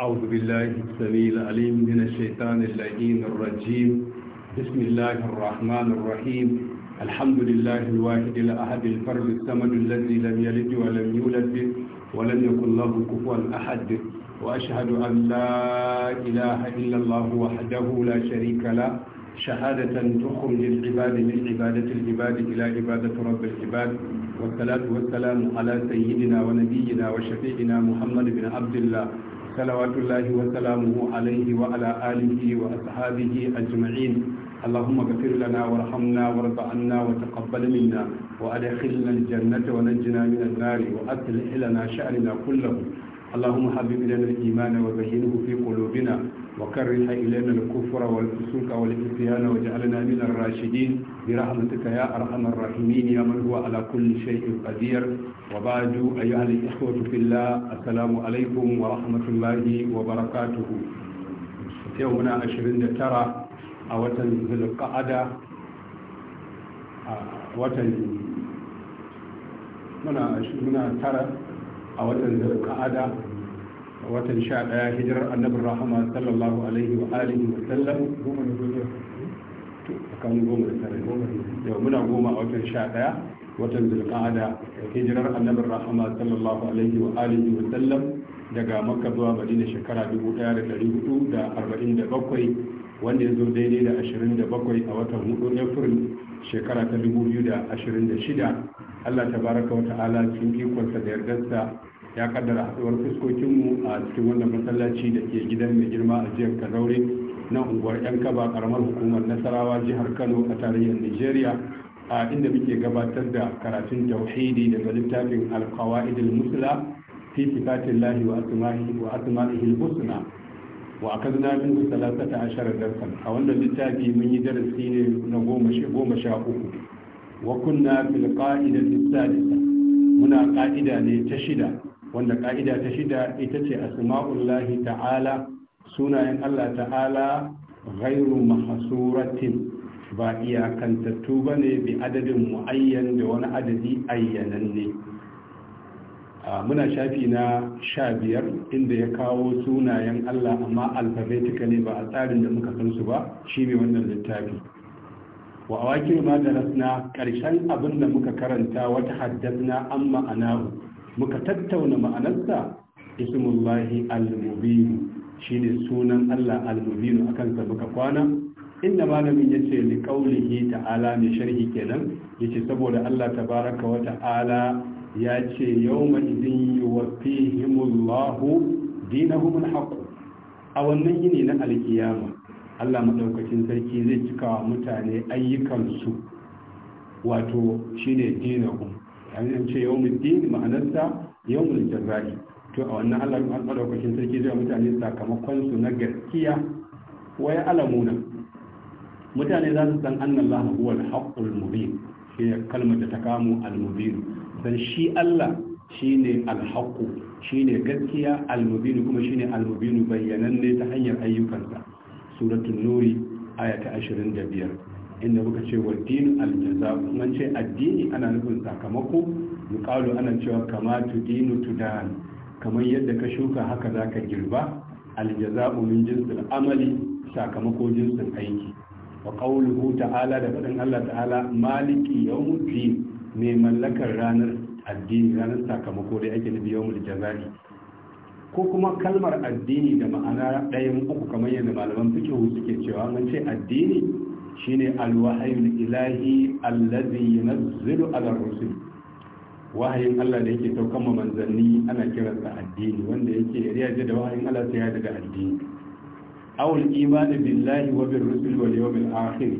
أعوذ بالله السميع العليم من الشيطان اللعين الرجيم بسم الله الرحمن الرحيم الحمد لله الواحد الأحد الفرد الصمد الذي لم يلد ولم يولد ولم يكن له كفوا أحد وأشهد أن لا إله إلا الله وحده لا شريك له شهادة تخرج العباد من عبادة العباد إلى عبادة رب العباد والصلاة والسلام على سيدنا ونبينا وشفيعنا محمد بن عبد الله صلوات الله وسلامه عليه وعلى آله وأصحابه أجمعين اللهم اغفر لنا وارحمنا وارض عنا وتقبل منا وأدخلنا الجنة ونجنا من النار وأصلح لنا شأننا كله اللهم حبب لنا الإيمان وزينه في قلوبنا وكره إلينا الكفر والفسوق والعصيان واجعلنا من الراشدين برحمتك يا أرحم الراحمين يا من هو على كل شيء قدير وبعد أيها الإخوة في الله السلام عليكم ورحمة الله وبركاته يومنا عشرين ترى أوتن ذي القعدة وتن منا منا ترى أوتن ذي القعدة watan sha ɗaya hijirar annabin rahama sallallahu alaihi wa alihi wa sallam goma da goma kan goma da tare yau muna goma a watan sha ɗaya watan zulqa'ada hijirar annabin rahama sallallahu alaihi wa alihi wa sallam daga makka zuwa madina shekara dubu ɗaya da da da hudu arba'in bakwai, wanda ya zo daidai da ashirin da bakwai a watan hudu april shekara ta dubu biyu da da ashirin shida, allah tabaraka wa ta'ala cikin ikonsa da yardarsa ya kaddara haɗuwar fuskokinmu a cikin wannan masallaci da ke gidan mai girma a jihar kazaure na unguwar yan kaba karamar hukumar nasarawa jihar kano a tarayyar nigeria a inda muke gabatar da karatun tauhidi daga littafin alkawa'idul musula fi sifatin lahi wa asma'ihi wa asma'ihi husna wa akazna min salasata ashara darsan a wannan littafi mun yi darasi ne na goma sha uku wa kunna fil qa'idati sadisa muna ƙa'ida ne ta shida wanda ka'ida ta shida ita ce asma'ullahi ta'ala sunayen Allah ta'ala ghairu mahsuratin ba iyakantattu ba ne bi adadin mu'ayyan da wani adadi ne. muna shafi na sha biyar inda ya kawo sunayen Allah amma alfabetika ne ba a tsarin da muka san su ba shi ne wannan littafi wa awakir ma karshen abin da muka karanta wata haddasna amma anahu muka tattauna ma'anarsa ismullahi al-mubin ne sunan Allah al-mubin akan sa muka kwana inda malamin yace li qaulihi ta'ala ne sharhi kenan yace saboda Allah tabaraka wa ta'ala yace yawma idin yuwaffihimullahu dinahum al-haqq a wannan yini na alkiyama Allah madaukakin sarki zai cika wa mutane ayyukansu wato shine dinahum an ce yawmul din ma'anarsa yawmul jazai to a wannan Allah sarki zai mutane sakamakon su na gaskiya wa alamuna mutane za su san annallahu huwal haƙƙul mubin shi ne kalmar da ta kamo al-mubin dan shi Allah ne al shi shine gaskiya al-mubin kuma ne al-mubin bayyananne ta hanyar ayyukansa suratul nuri ashirin da biyar. inda muka ce wa dinu aljaza kuma ce addini ana nufin sakamako kalu ana cewa kama dinu tudan kamar yadda ka shuka haka za ka girba aljaza min jinsin amali sakamako jinsin aiki wa qawluhu ta'ala da faɗin Allah ta'ala maliki yawmuddin mai mallakar ranar addini ranar sakamako dai ake nufi yawmul jaza'i ko kuma kalmar addini da ma'ana ɗayan uku kamar yadda malaman fikihu suke cewa mun ce addini shine alwahayul ilahi allazi yunazzilu ala rusul wahayin Allah da yake saukan ma manzanni ana kiran kiransa addini wanda yake riyaje da wahayin Allah sai ya daga addini aw al billahi wa bir rusul wal yawmil akhir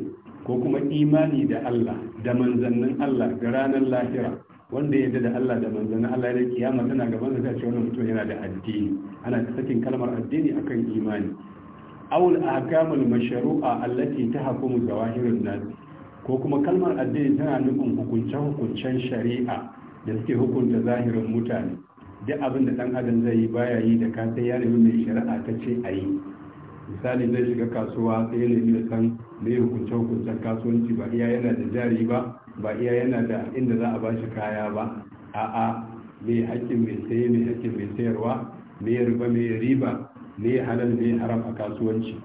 ko kuma imani da Allah da manzannin Allah da ranar lahira wanda ya da Allah da manzannin Allah da kiyama tana gaban ta ce wannan mutum yana da addini ana sakin kalmar addini akan imani awul ahkamul mashru'a allati tahkumu zawahirun nas ko kuma kalmar addini tana nufin hukunce-hukuncen shari'a da suke hukunta zahirin mutane duk abin da dan adam zai yi baya yi da ka sai ya nemi mai shari'a ta ce a yi misali zai shiga kasuwa sai ya nemi san mai hukunce hukuncen kasuwanci ba iya yana da jari ba ba iya yana da inda za a ba shi kaya ba a'a mai haƙƙin mai saye mai haƙƙin mai sayarwa mai riba mai riba ne halal ne haram a kasuwanci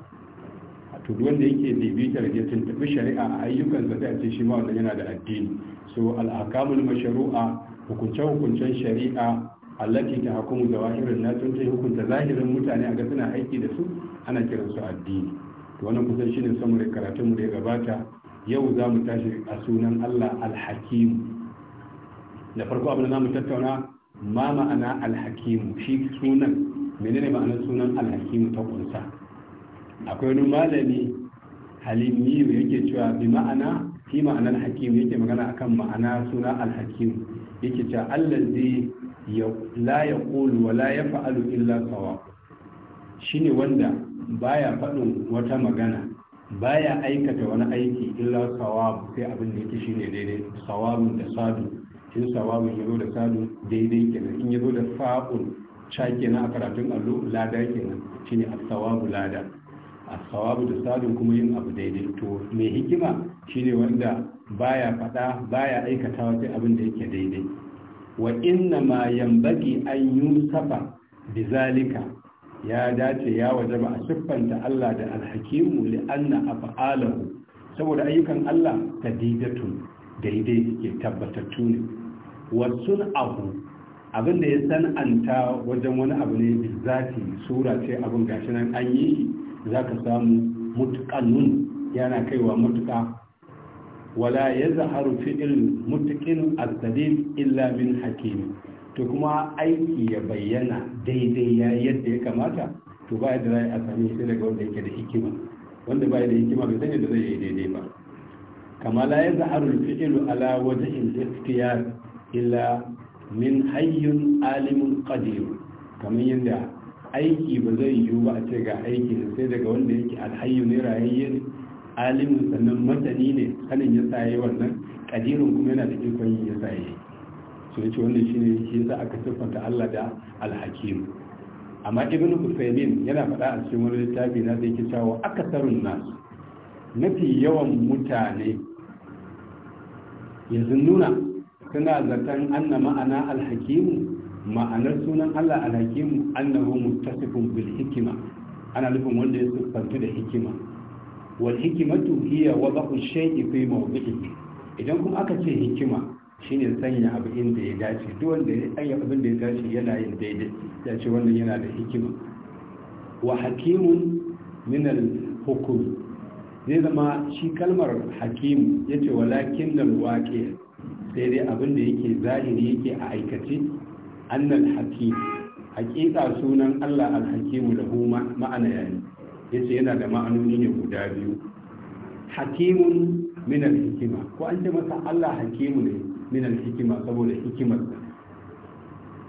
to wanda yake bibitar ya tuntuɓi shari'a a ayyukan sa a ce shi ma yana da addini so al mashari'a hukunce-hukuncen shari'a allati ta hukumu wahirin na tun hukunta zahirin mutane a gasu na aiki da su ana kiran su addini to wannan kusan shine samu da karatunmu da ya gabata yau za mu tashi a sunan Allah alhakim da farko abin da za mu tattauna ma ma'ana alhakim shi sunan menene ma'anar sunan alhakim ta kunsa akwai wani malami halimi yake cewa bi ma'ana fi ma'anar hakim yake magana akan ma'ana suna alhakim yake cewa allazi la yaqulu wa la yaf'alu illa sawa shine wanda baya faɗin wata magana baya aikata wani aiki illa sawabu sai abin da yake shine daidai sawabun da sadu in ya yazo da sadu daidai kenan in zo da fa'ul sha na a karatun allo lada nan shine as-sawabu lada as da sadin kuma yin abu daidai to mai hikima shine wanda baya fada baya aikata wajen abin da yake daidai wa inna ma yambaki an yusafa bizalika ya dace ya waje ba a siffanta Allah da alhakimu li anna af'aluhu saboda ayyukan Allah tadidatu daidai suke tabbatattu ne wa sun'ahu abin da ya san'anta wajen wani abu ne bizati sura ce abin gashi nan an yi za ka samu mutuƙannun yana kaiwa mutuƙa wala ya zaharu fi'il mutuƙin azalin illa min hakimi to kuma aiki ya bayyana daidai ya yadda ya kamata to ba da rai a sami shi daga wanda yake da hikima wanda ba da hikima bai sanya da zai yi daidai ba kama la ya zaharu fi'il ala wajen ikhtiyar illa min hayyun alimun qadir kamar yadda aiki ba zai yiwu ba a ce ga aiki sai daga wanda yake alhayyu ne rayayye ne alimin sannan madani ne sanin ya saye wannan kadirin kuma yana da ikon yin ya saye so yace wannan shine shi yasa aka siffanta Allah da alhakim amma ibn Husaymin yana faɗa a cikin wani littafi na da yake cewa akasarun nas mafi yawan mutane yanzu nuna kana zaton anna ma'ana alhakimu ma'anar sunan Allah alhakimu annahu muttasifun bil hikima ana nufin wanda ya siffantu da hikima wal hikimatu hiya wada'u shay'i fi mawdi'i idan kuma aka ce hikima shine sanya abu inda ya dace duk wanda ya sanya abin da ya dace yana yin daidai ya ce wannan yana da hikima wa hakimun min al hukum zai zama shi kalmar hakim yace walakin al waqi' sai dai abin da yake zahiri yake a aikace annal hakim hakika sunan Allah alhakimu da hu ma'ana yayi yace yana da ma'anoni ne guda biyu hakimun min hikima ko an ce masa Allah hakimu ne min hikima saboda hikimar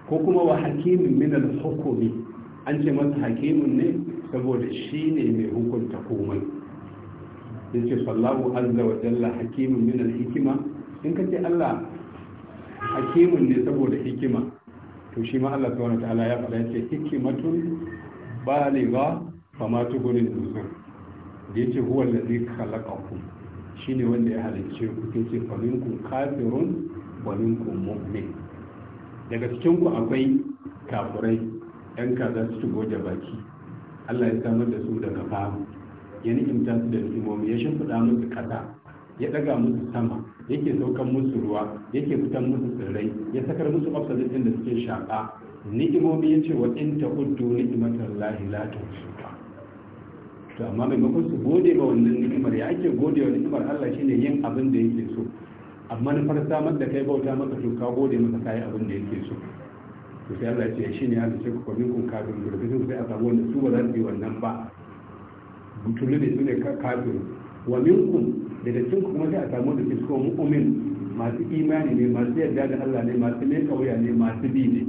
ko kuma wa hakimin min hukumi an ce masa hakimun ne saboda shi ne mai hukunta komai yace sallahu azza wa jalla hakimun min hikima. in ka ce Allah hakimun ne saboda hikima to shi ma Allah subhanahu ta'ala ya faɗa ce hikimatun baligha fama tugunin nuzur da yace huwa allazi Shi shine wanda ya halicce ku ke ce faminkum kafirun wa minkum mu'min daga cikin ku akwai kafirai yan kaza su shigo da baki Allah ya samar da su daga fahimu ya ni'imta su da ni'imomi ya shimfiɗa musu kasa ya daga musu sama yake saukan musu ruwa yake fitan musu tsirrai ya sakar musu oxygen da suke shaƙa ni'imomi ce wa in ni'imatar lahi la tuhsuha to amma maimakon su gode ma wannan ni'imar ya ake gode wa ni'imar Allah shine yin abin da yake so amma na fara samar da kai bauta maka to ka gode masa kai abin da yake so to sai Allah ya ce shine ya ce ku kwamin kun kafin gurbin sai a samu wanda su ba za su yi wannan ba butulu ne su ne kafin wa minkum daga cikin kuma sai a samu da cikin mu'min masu imani ne masu yarda da Allah ne masu ne kauya ne masu bi ne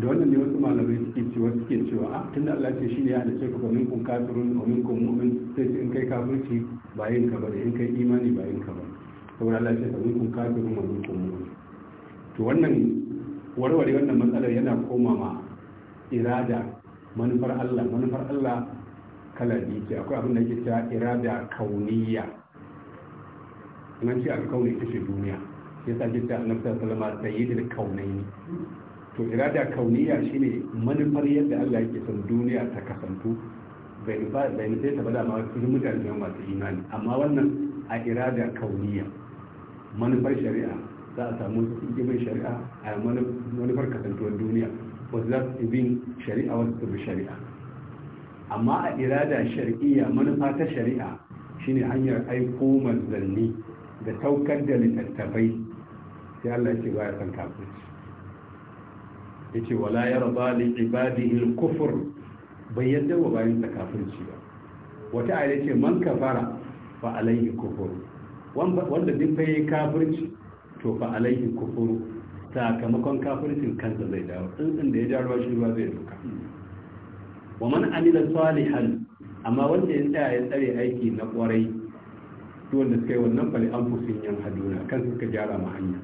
da wannan ne wasu malamai suke cewa suke cewa a ah, tun da Allah ce shi ne ya da ka kwamin kun kafirun kwamin kun mu'min sai in kai kafirci ba ka ba da in kai imani ba ka ba saboda Allah ce kwamin kun kafirun kwamin kun mu'min to wannan warware wannan matsalar yana koma ma irada manufar Allah manufar Allah kalar biyu ce akwai abin da ke ta irada kauniya nan ce alkauni ita ce duniya ya sa ke ta annabi sallama sayyidul kaunaini to irada kauniya shine manufar yadda Allah yake son duniya ta kasantu bai nufa bai nufa ta bada ma su mutane da masu imani amma wannan a irada kauniya manufar shari'a za a samu ibin shari'a a manufar kasantuwar duniya wasu za su ibin shari'a wasu su bi shari'a amma a irada shar'iyya manufa ta shari'a shine hanyar aiko manzanni da taukar da littattafai sai Allah ce ba ya san kafirci yace wala yarda li ibadihi al-kufr bai yadda wa bayin ta kafirci ba wata ayar ce man kafara fa alayhi kufur wanda duk fa yayi kafirci to fa alayhi kufur sakamakon kafircin kansa zai dawo tsuntsun da ya ja shi ba zai duka wa man amila salihan amma wanda ya tsaya ya tsare aiki na kwarai to wanda suka yi wannan fali an fusin yan haduna kan suka gyara ma hanya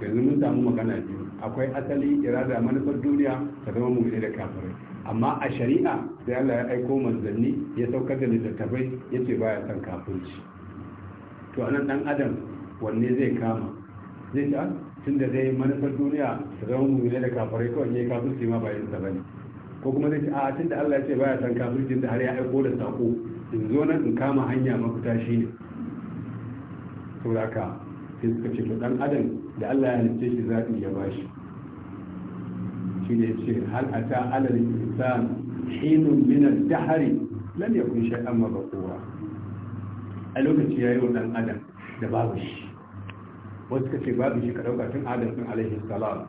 yanzu mun samu magana biyu akwai asali irada manufar duniya ta zama mu'mini da kafirai amma a shari'a sai Allah ya aiko manzanni ya saukar da littattafai yace baya san kafirci to anan dan adam wanne zai kama zai ta ah, tun da dai manufar duniya ta zama mu'mini da kafirai kawai ne kafirci ma bayan ba bane ko kuma zai ce a tun da Allah ya ce baya san kafircin da har ya aiko da sako in zo nan in kama hanya mafita shi ne saboda ka sai suka ce dan adam da Allah ya nace shi zaɓi ya ba shi shi ne ce hal ata alal insan hinun min al dahr lam yakun shay'an mabqura a lokaci yayi wa dan adam da babu shi wasu ce babu shi ka dauka tun adam din alaihi salam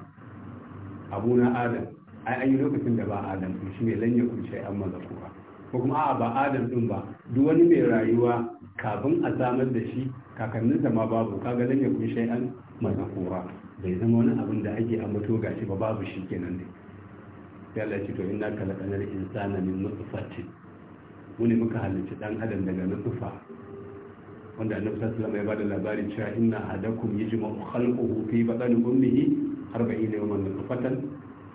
abuna adam ai an yi lokacin da ba adam to shi ne lan kuce an mazakura ko kuma a ba adam din ba duk wani mai rayuwa kafin a samar da shi kakanninsa ma babu kaga lan ya kuce an mazakura bai zama wani abin da ake ambato gashi ba babu shi kenan ne sai Allah ce to inna kalaqanal insana min nutfatin mune muka halarci dan adam daga nutfa wanda annabi sallallahu alaihi wasallam ya bada labarin cewa inna hadakum yajma'u khalquhu fi batni ummihi 40 yawman nutfatan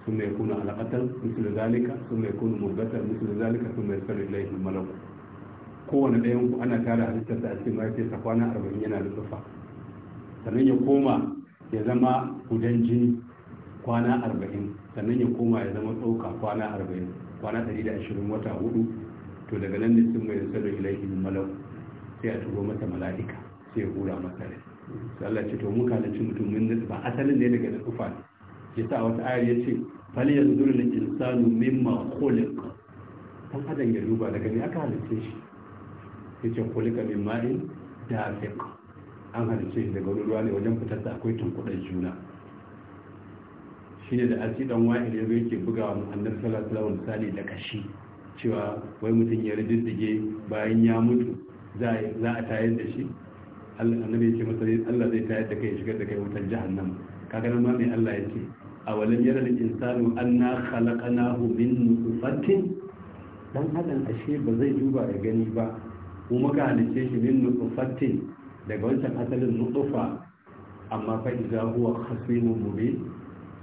ثم يكون علقة مثل ذلك ثم يكون مبتة مثل ذلك ثم يرسل إليه الملك kowane ɗayan ku ana tara halittarsa a cikin mahaifiyarsa kwana arba'in yana da tsufa sannan ya koma ya zama gudan jini kwana arba'in sannan ya koma ya zama tsoka kwana arba'in kwana ɗari ashirin wata to daga nan ne sun mai ilaihi malau sai a turo masa mala'ika sai ya hura Allah ce to mun kalaci mutum mun ba asalin ne daga tsufa ne yasa wata ayar ce fal yanzur lil insanu mimma khuliq dan adam ya duba daga ne aka halitta shi yace khuliqa min ma'in dafiq an halitta shi daga wani ruwa ne wajen fitar da akwai tunkudan juna shine da asi dan ya zo yake bugawa annabi sallallahu alaihi wasallam da kashi cewa wai mutum ya riddige bayan ya mutu za a tayar da shi annabi ya ce masa Allah zai tayar da kai shigar da kai wutar jahannam kaga nan ma mai Allah ya ce awalam yana da insanu an na khalaqanahu min nutfatin dan adam ashe ba zai duba da gani ba ko muka halice shi min nutfatin daga wancan asalin nutfa amma fa idza huwa khasimun mubin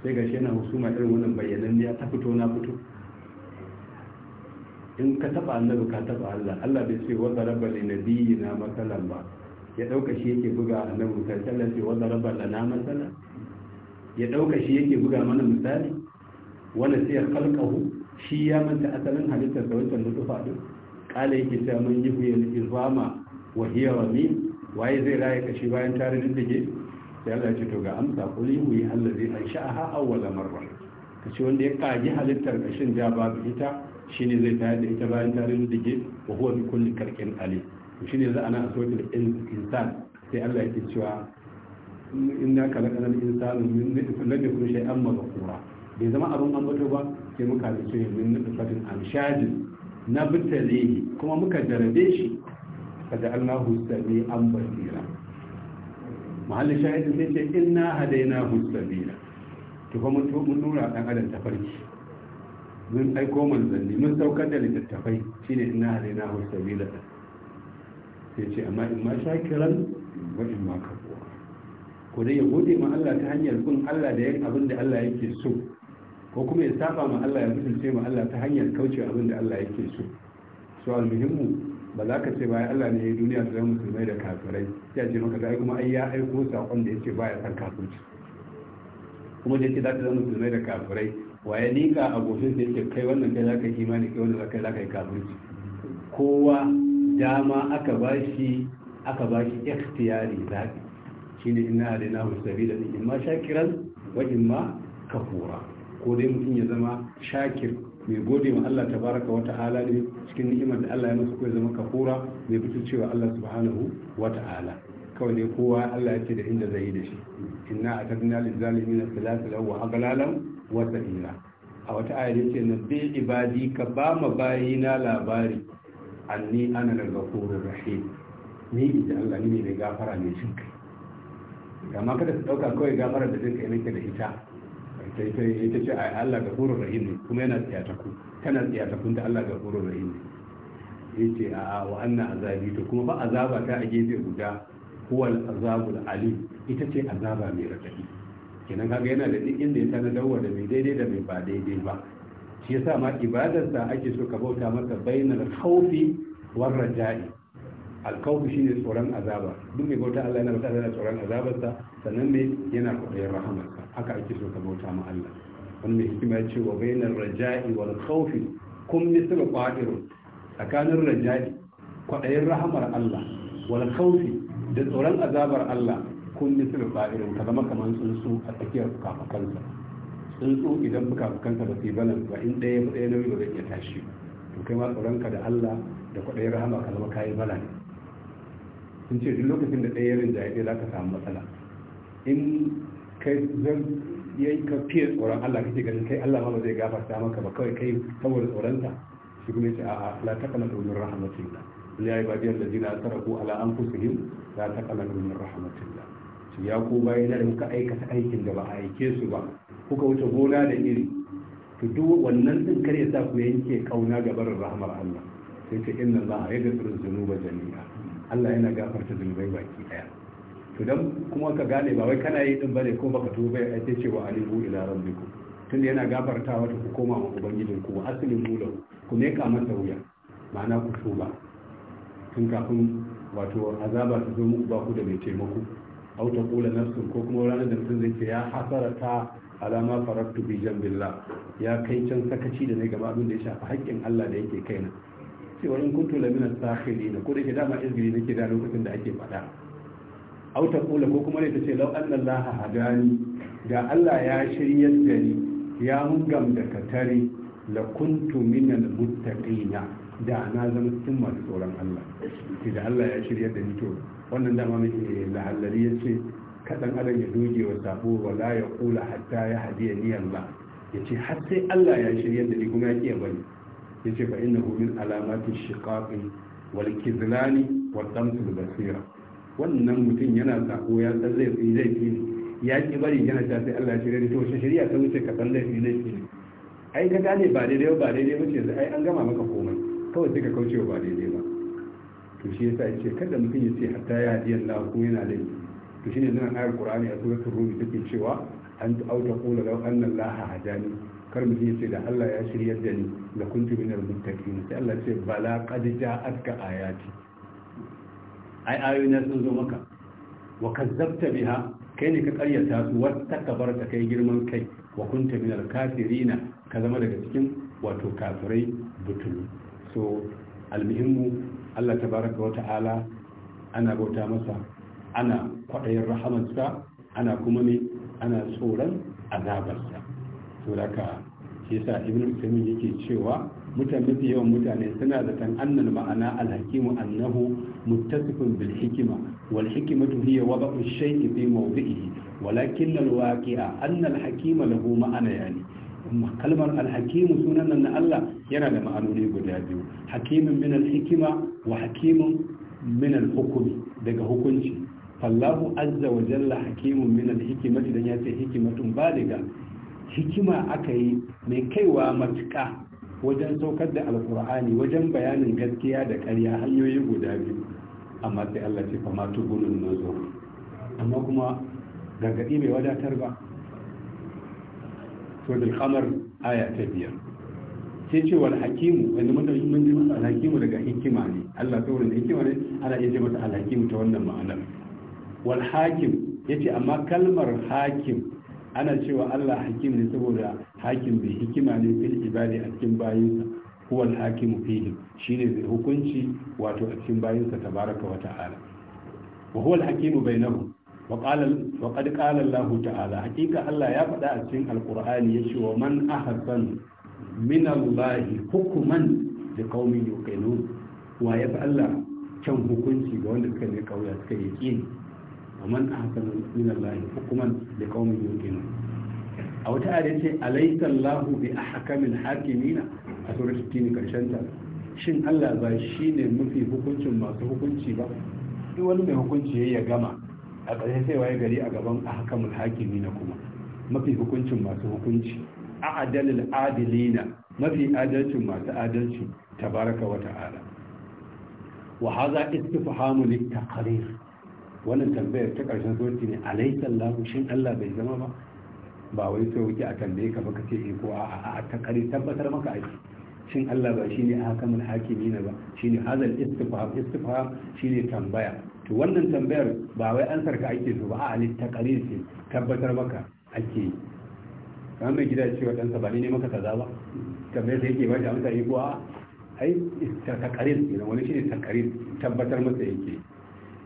sai gashi yana husuma irin wannan bayanan ya ta fito na fito in ka taba annabi ka taba Allah Allah bai ce wanda rabba li nabiyina masalan ba ya dauka shi yake buga annabi ta sallan ce wanda rabba lana masalan ya ɗauka shi yake buga mana misali wani sai ya kalkahu shi ya manta asalin halittar da wancan nutufa din kala yake sa mun yi huyen izama wa hiya wa waye zai raye kashi bayan tare diddige sai Allah ya ce to ga amsa ko yi huyi allazi an sha'aha awwala marra kace wanda ya kaji halittar kashin da babu ita shine zai tayar da ita bayan tare diddige wa huwa bi kulli karqin ali to shine za ana asotul insan sai Allah yake cewa inna kalakal insanu min nutfatin lam yakun an madhkura bai zama abin ambato ba sai muka halice min nutfatin amshadi na bitalehi kuma muka jarabe shi kada Allahu sami an basira mahallin shahidin sai ce inna hadaina sabila to kuma mun nura dan adam farki mun aiko manzanni mun saukar da littattafai shine inna hadaina hu sai ce amma in ma shakiran wa in ma kafur ko dai ya gode ma Allah ta hanyar bin Allah da yin abin da Allah yake so ko kuma ya saba ma Allah ya mutunce ma Allah ta hanyar kauce abin da Allah yake so so almuhimmu ba za ka ce bayan Allah ne ya duniya su zama musulmai da kafirai ya ce maka ai kuma ai ya aiko sakon da ya ce baya san kafirci kuma da ya ce za ta zama musulmai da kafirai waye nika a gobe da ya kai wannan kai za ka yi imani kai wannan kai za ka yi kafirci kowa dama aka bashi aka bashi ikhtiyari zaɓi shine inna alaina musabila din imma shakiran wa imma kafura ko dai mutum ya zama shakir mai gode wa Allah tabaraka wa ta'ala ne cikin ni'imar da Allah ya masa ko ya zama kafura mai fitar cewa Allah subhanahu wa ta'ala kawai dai kowa Allah ya ce da inda zai yi da shi inna atadna lil zalimin salasa wa aghlalan wa sa'ira a wata ayar yake na bi ibadi ka ba ma bayina labari anni ana daga gafurur rahim ni inda Allah ne mai gafara mai shi. amma kada su ɗauka kawai gafara da zai kai nake da ita ita ce a Allah ga furu rahim ne kuma yana tsiyataku tana tsiyatakun da Allah ga furu rahim ne ya ce a wa annan azabi to kuma ba azaba ta a gefe guda huwal azabul ali ita ce azaba mai rataki kenan kaga yana da duk inda ya tana dawo da mai daidai da mai ba daidai ba shi yasa ma ibadarsa ake so ka bauta masa bainar haufi war raja'i alkawu shi ne tsoron azaba duk mai bauta Allah yana bauta yana tsoron azabarsa sannan ne yana kwaɗayin rahamarsa haka ake so ka bauta ma Allah wani mai hikima ya ce wa bainar raja'i wal khawfi kun misal qadirun tsakanin raja'i kwaɗayin rahamar Allah wal khawfi da tsoron azabar Allah kun misal qadirun ka zama kamar tsuntsu a tsakiyar fukafukansa tsuntsu idan fukafukansa ba su yi balan ba in ɗaya ɗaya nauyi ba zai iya tashi to kai ma tsoronka da Allah da kwaɗayin rahama ka zama kayi balan. sun ce duk lokacin da ɗaya yarin jaye za ka samu matsala in kai zan yayi ka fiye tsoron Allah kake ganin kai Allah ma ba zai gafarta maka ba kawai kai saboda tsoronsa shi kuma yace a'a la taqnatu min rahmatillah ya yi badiyar da jina saraku ala an fusihim la taqnatu min rahmatillah shi ya ko bayan da muka aikata aikin da ba a aike su ba kuka wuce gona da iri to duk wannan din kar ya sa ku yanke kauna ga barin rahmar Allah sai ce inna Allah yaghfiru dhunuba jami'a Allah yana gafarta zunubai baki daya to dan kuma ka gane ba wai kana yi din bane ko baka tuba ai sai cewa alibu ila rabbikum tunda yana gafarta, wata ku koma wa ubangijin ku asalin mulo ku ne ka masa wuya ma'ana ku tuba tun kafin wato azaba ta zo muku ba ku da mai taimako au ta kula nafsun ko kuma ranar da mutum zai ce ya hasarata alama farattu bi jambillah ya kai can sakaci da ne gaba abin da ya shafi haƙƙin Allah da yake kaina cewa in kuntu la min da sakhirin ko da ke dama izgiri nake da lokacin da ake fada au ta kula ko kuma ne ta ce lau anna hadani da Allah ya shiryar da ni ya hungam da katare la kuntu min al-muttaqina da na zama cikin masu tsoron Allah ce da Allah ya shiryar da ni to wannan dama mai eh, lahallari ya ce kaɗan adam ya doge wa sabo wala ya kula hatta ya hadiya ni Allah ya ce har sai Allah ya shiryar da ni kuma ya ƙiya bani Ya ce fa innahu min alamati shiqaqi wal kizlani wal damsul basira wannan mutum yana sako ya san zai fi zai fi ya ki bari yana ta sai Allah shirye to shi shirya ta wuce ka san zai fi zai fi ai ka gane ba daidai ba daidai ba ce ai an gama maka komai kawai sai ka kauce ba daidai ba to shi yasa yace kada mutum ya ce hatta ya hadiya Allah ko yana da to shine nan ayar Qur'ani a suratul Rum take cewa an auta qula law anna Allah hadani kar mu je da Allah ya shirya da ni da kuntu minal muttaqin sai Allah ce bala qad ja'atka ayati ai na sun zo maka wa kazzabta biha kai ne ka karyata su ta kai girman kai wa kunta minal kafirina ka zama daga cikin wato kafirai butulu so almuhimmu Allah tabaraka wa ta'ala ana bauta masa ana kwaɗayin rahamarsa ana kuma ne ana tsoron azabarsa to daga shi yasa ibn usaimin yake cewa mutane mafi yawan mutane suna da tan annan ma'ana alhakimu annahu muttasifun bil hikima wal hikimatu hiya wada'u shay'i fi mawdi'ihi walakin al waqi'a anna al hakima lahu ma'ana yani kalmar alhakimu sunan nan na Allah yana da ma'anoni guda biyu hakimin min hikima wa hakimin min alhukumi daga hukunci fallahu azza wa jalla hakimun min alhikimati dan ya ce hikimatun baliga hikima aka yi mai kaiwa matuƙa wajen saukar da alkur'ani wajen bayanin gaskiya da ƙarya hanyoyi guda biyu amma sai Allah ce fama tugunin nazo amma kuma gargaɗi mai wadatar ba to da kamar aya ta biyar sai ce wal hakimu wanda mun mun ji masa alhakimu daga hikima ne Allah da hikima ne ana iya ce masa alhakimu ta wannan ma'anar wal hakim yace amma kalmar hakim ana cewa Allah hakim ne saboda hakim bai hikima ne fil ibadi a cikin bayinsa huwa al-hakimu Shi shine zai hukunci wato a cikin bayinsa tabaraka wa ta'ala wa huwa al-hakimu bainahum wa qala wa qad qala Allah ta'ala hakika Allah ya faɗa a cikin ya yace wa man ahsan min Allah hukuman da qaumin yuqinun wa ya fa Allah kyan hukunci ga wanda suka ne kauya suka yi hukuman da ومن أحسن من الله حكما لقوم يوقنون أو تعالى أليس الله بأحكم الحاكمين أسورة التين ta. shin Allah ba shi ne mafi hukuncin masu hukunci ba duk wani mai hukunci ya gama a ƙarshe sai waye gari a gaban a ahkamul haƙi nina kuma mafi hukuncin masu hukunci a adalil adilina mafi adalcin masu adalci tabaraka wa ta'ala wa hadha istifhamu lit taqrir wannan tambayar ta karshen sauti ne alaisan lahu shin allah bai zama ba ba wai sai wuce a tambaye ka baka ce eh ko a a ta kare tabbatar maka aiki shin allah ba shine hakamul hakimi ne ba shine hazal istifham istifham shine tambaya to wannan tambayar ba wai ansar ka ake so ba a ta kare ce tabbatar maka ake kamar mai gida cewa ɗansa ba ne maka kaza ba Tambayar sai yake bashi amsa yi eh ko a ai ta kare ne wani shine ta kare tabbatar masa yake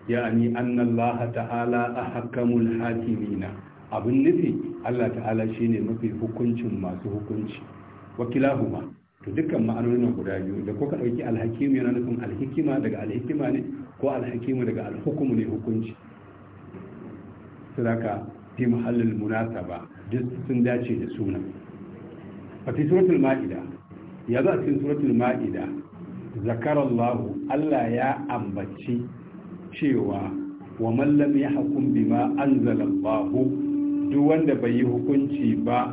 yani annallaha ta'ala ahkamul hakimina abin nufi Allah ta'ala shine mafi hukuncin masu hukunci wakilahuma to dukkan ma'anonin guda biyu da kuka dauki alhakim yana nufin alhikima daga alhikima ne ko alhakim daga alhukumu ne hukunci sadaka fi muhallil munasaba duk sun dace da suna a fi suratul ma'ida ya za a cikin suratul ma'ida zakarallahu Allah ya ambaci cewa wa mallam ya hakun bima anzalallahu duk wanda bai yi hukunci ba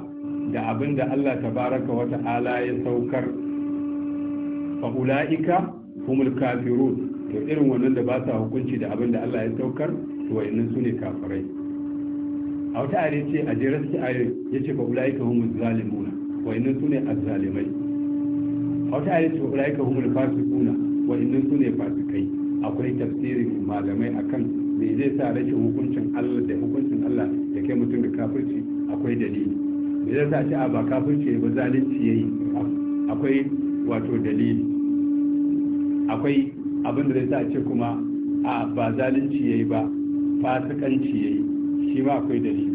da abin da Allah baraka wa ta'ala ya saukar fa ulaika humul kafirun to irin wannan da ba sa hukunci da abin da Allah ya saukar to wayannan sune kafirai a wata ayar ce a jerar ci ayar yace fa ulaika humul zalimuna wayannan sune azzalimai a wata ayar ce ulaika humul fasiquna wayannan sune fasikai akwai tafsirin malamai akan me zai sa rashin hukuncin Allah da hukuncin Allah ya kai mutum da kafirci akwai dalili me zai sa shi a ba kafirci ba zalunci yayi akwai wato dalili akwai abin da zai sa ce kuma a ba zalunci yayi ba fasikanci yayi shi ma akwai dalili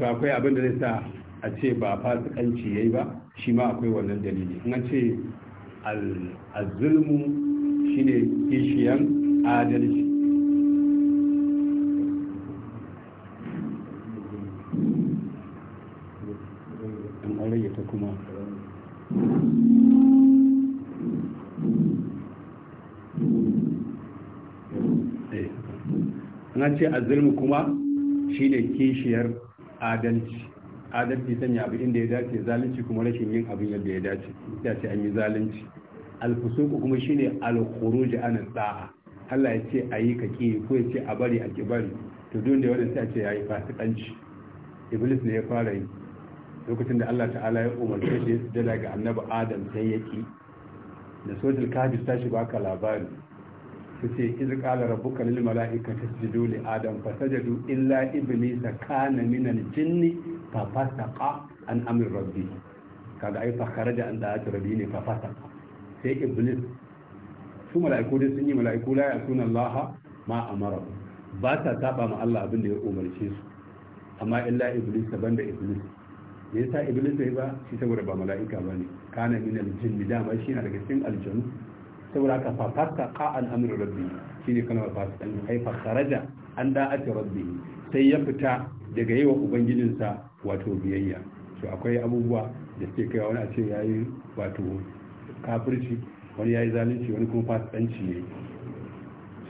to akwai abin da zai sa a ce ba fasikanci yi ba shi ma akwai wannan dalili in an ce al-zulmu shine kishiyan adalci ta kuma na eh, ce azulmi kuma shine kishiyar adalci adalci sanya abu inda ya dace zalunci kuma rashin yin abin yadda ya dace ya ce an yi zalunci alfusuku kuma shine alkhuruj an da'a Allah ya ce ayi ka ki ko ya ce a bari a ki bari to don da wannan sai ce yayi fasikanci iblis ne ya fara yi lokacin da Allah ta'ala ya umarce shi da daga annabi Adam sai ya ki da sojil kaji tashi baka labari su ce iz qala rabbuka lil mala'ikati isjudu li adam fasajadu illa iblisa kana min al jinni fa fasaqa an amri rabbi kaga ai fa kharaja an da'at rabbi ne fa fasaqa sai iblis su mala'iku dai sun yi mala'iku la ya'tuna Allah ma amara ba ta saba ma Allah abin da ya umarce su amma illa iblis da iblis me yasa iblis bai ba shi saboda ba mala'ika bane kana min al jinni dama shi na daga cikin aljanu saboda ka fa fasaka an amru rabbi shine kana fasikan ai fa kharaja an da'ati rabbi sai ya fita daga yawa ubangijinsa wato biyayya to akwai abubuwa da suke kai wani a ce yayi wato kafirci wani yayi zalunci wani kuma fasikanci ne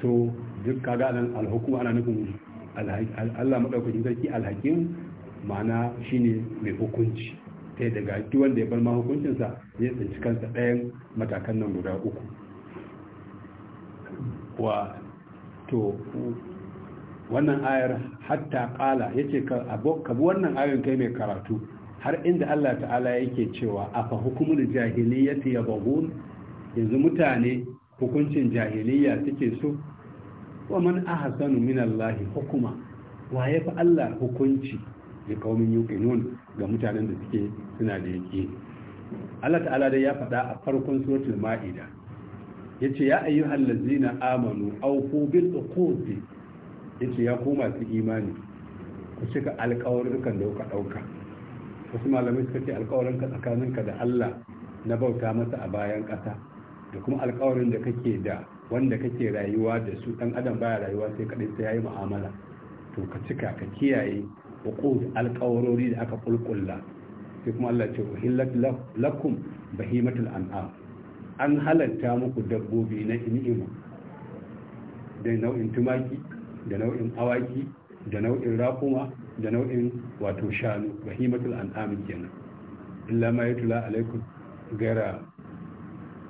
so duk kaga nan alhukuma ana nufin Allah madaukakin sarki alhakim ma'ana shine mai hukunci sai daga duk wanda ya bar ma hukuncinsa zai tsinci kansa ɗayan matakan nan guda uku wa to wannan ayar hatta kala yace ka bi wannan ayar kai mai karatu har inda Allah ta'ala yake cewa afa hukumul jahiliyyati yabghun yanzu mutane hukuncin jahiliyya suke so wa man ahsanu min Allah hukuma wa yafi Allah hukunci ga kaumin yuqinun ga mutanen da suke suna da yake Allah ta'ala dai ya faɗa a farkon suratul ma'ida yace ya ayyuhal ladzina amanu awfu bil uqud yace ya koma su imani ku cika alƙawarin da kuka dauka wasu malamai suka ce alƙawarin ka tsakaninka da Allah na bauta masa a bayan ƙasa da kuma alƙawarin da kake da wanda kake rayuwa da su dan adam baya rayuwa sai kadai sai yayi mu'amala to ka cika ka kiyaye uqud alƙawarori da aka kulkulla sai kuma Allah ce uhillat lakum bahimatul an'am an halatta muku dabbobi na ni'ima da nau'in tumaki da nau'in awaki da nau'in raƙuma da nau'in wato shanu rahimatul an'am kenan illa ma yatula alaikum gara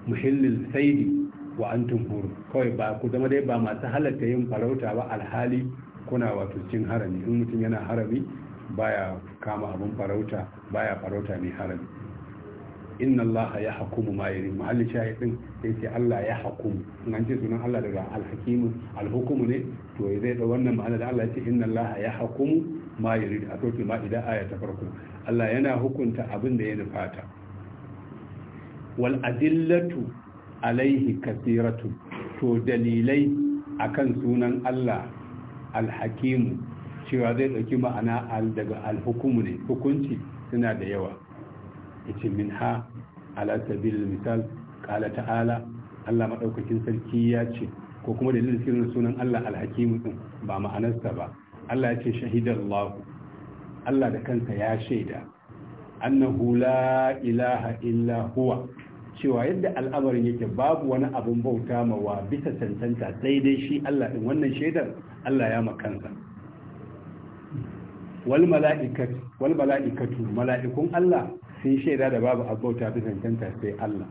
muhillil saidi wa antum hur kawai ba ku zama dai ba masu halatta yin farauta ba alhali kuna wato cin harami in mutum yana harami baya kama abun farauta baya farauta mai harami inna allaha ya hakumu ma yuri mahallin shahidin sai ce allah ya hakumu in an ce sunan allah daga alhakimu alhukumu ne to zai da wannan ma'ana da allah ya ce inna allaha ya hakumu ma yuri a sautin ma idan aya ta farko allah yana hukunta abin da ya nufata wal adillatu alaihi kasiratu to dalilai akan sunan allah alhakimu cewa zai ɗauki ma'ana daga alhukumu ne hukunci suna da yawa yace min ha ala sabilil misal qala ta'ala Allah madaukakin sarki ya ce ko kuma da lissafin sunan Allah alhakimu din ba ma'anarsa ba Allah ya ce shahidallahu Allah da kansa ya shaida annahu la ilaha illa huwa cewa yadda al'amarin yake babu wani abin bauta mawa bisa tantanta sai dai shi Allah din wannan shaidar Allah ya makansa wal mala'ikatu wal mala'ikatu mala'ikun Allah sun shaida da babu bauta ta cancanta sai Allah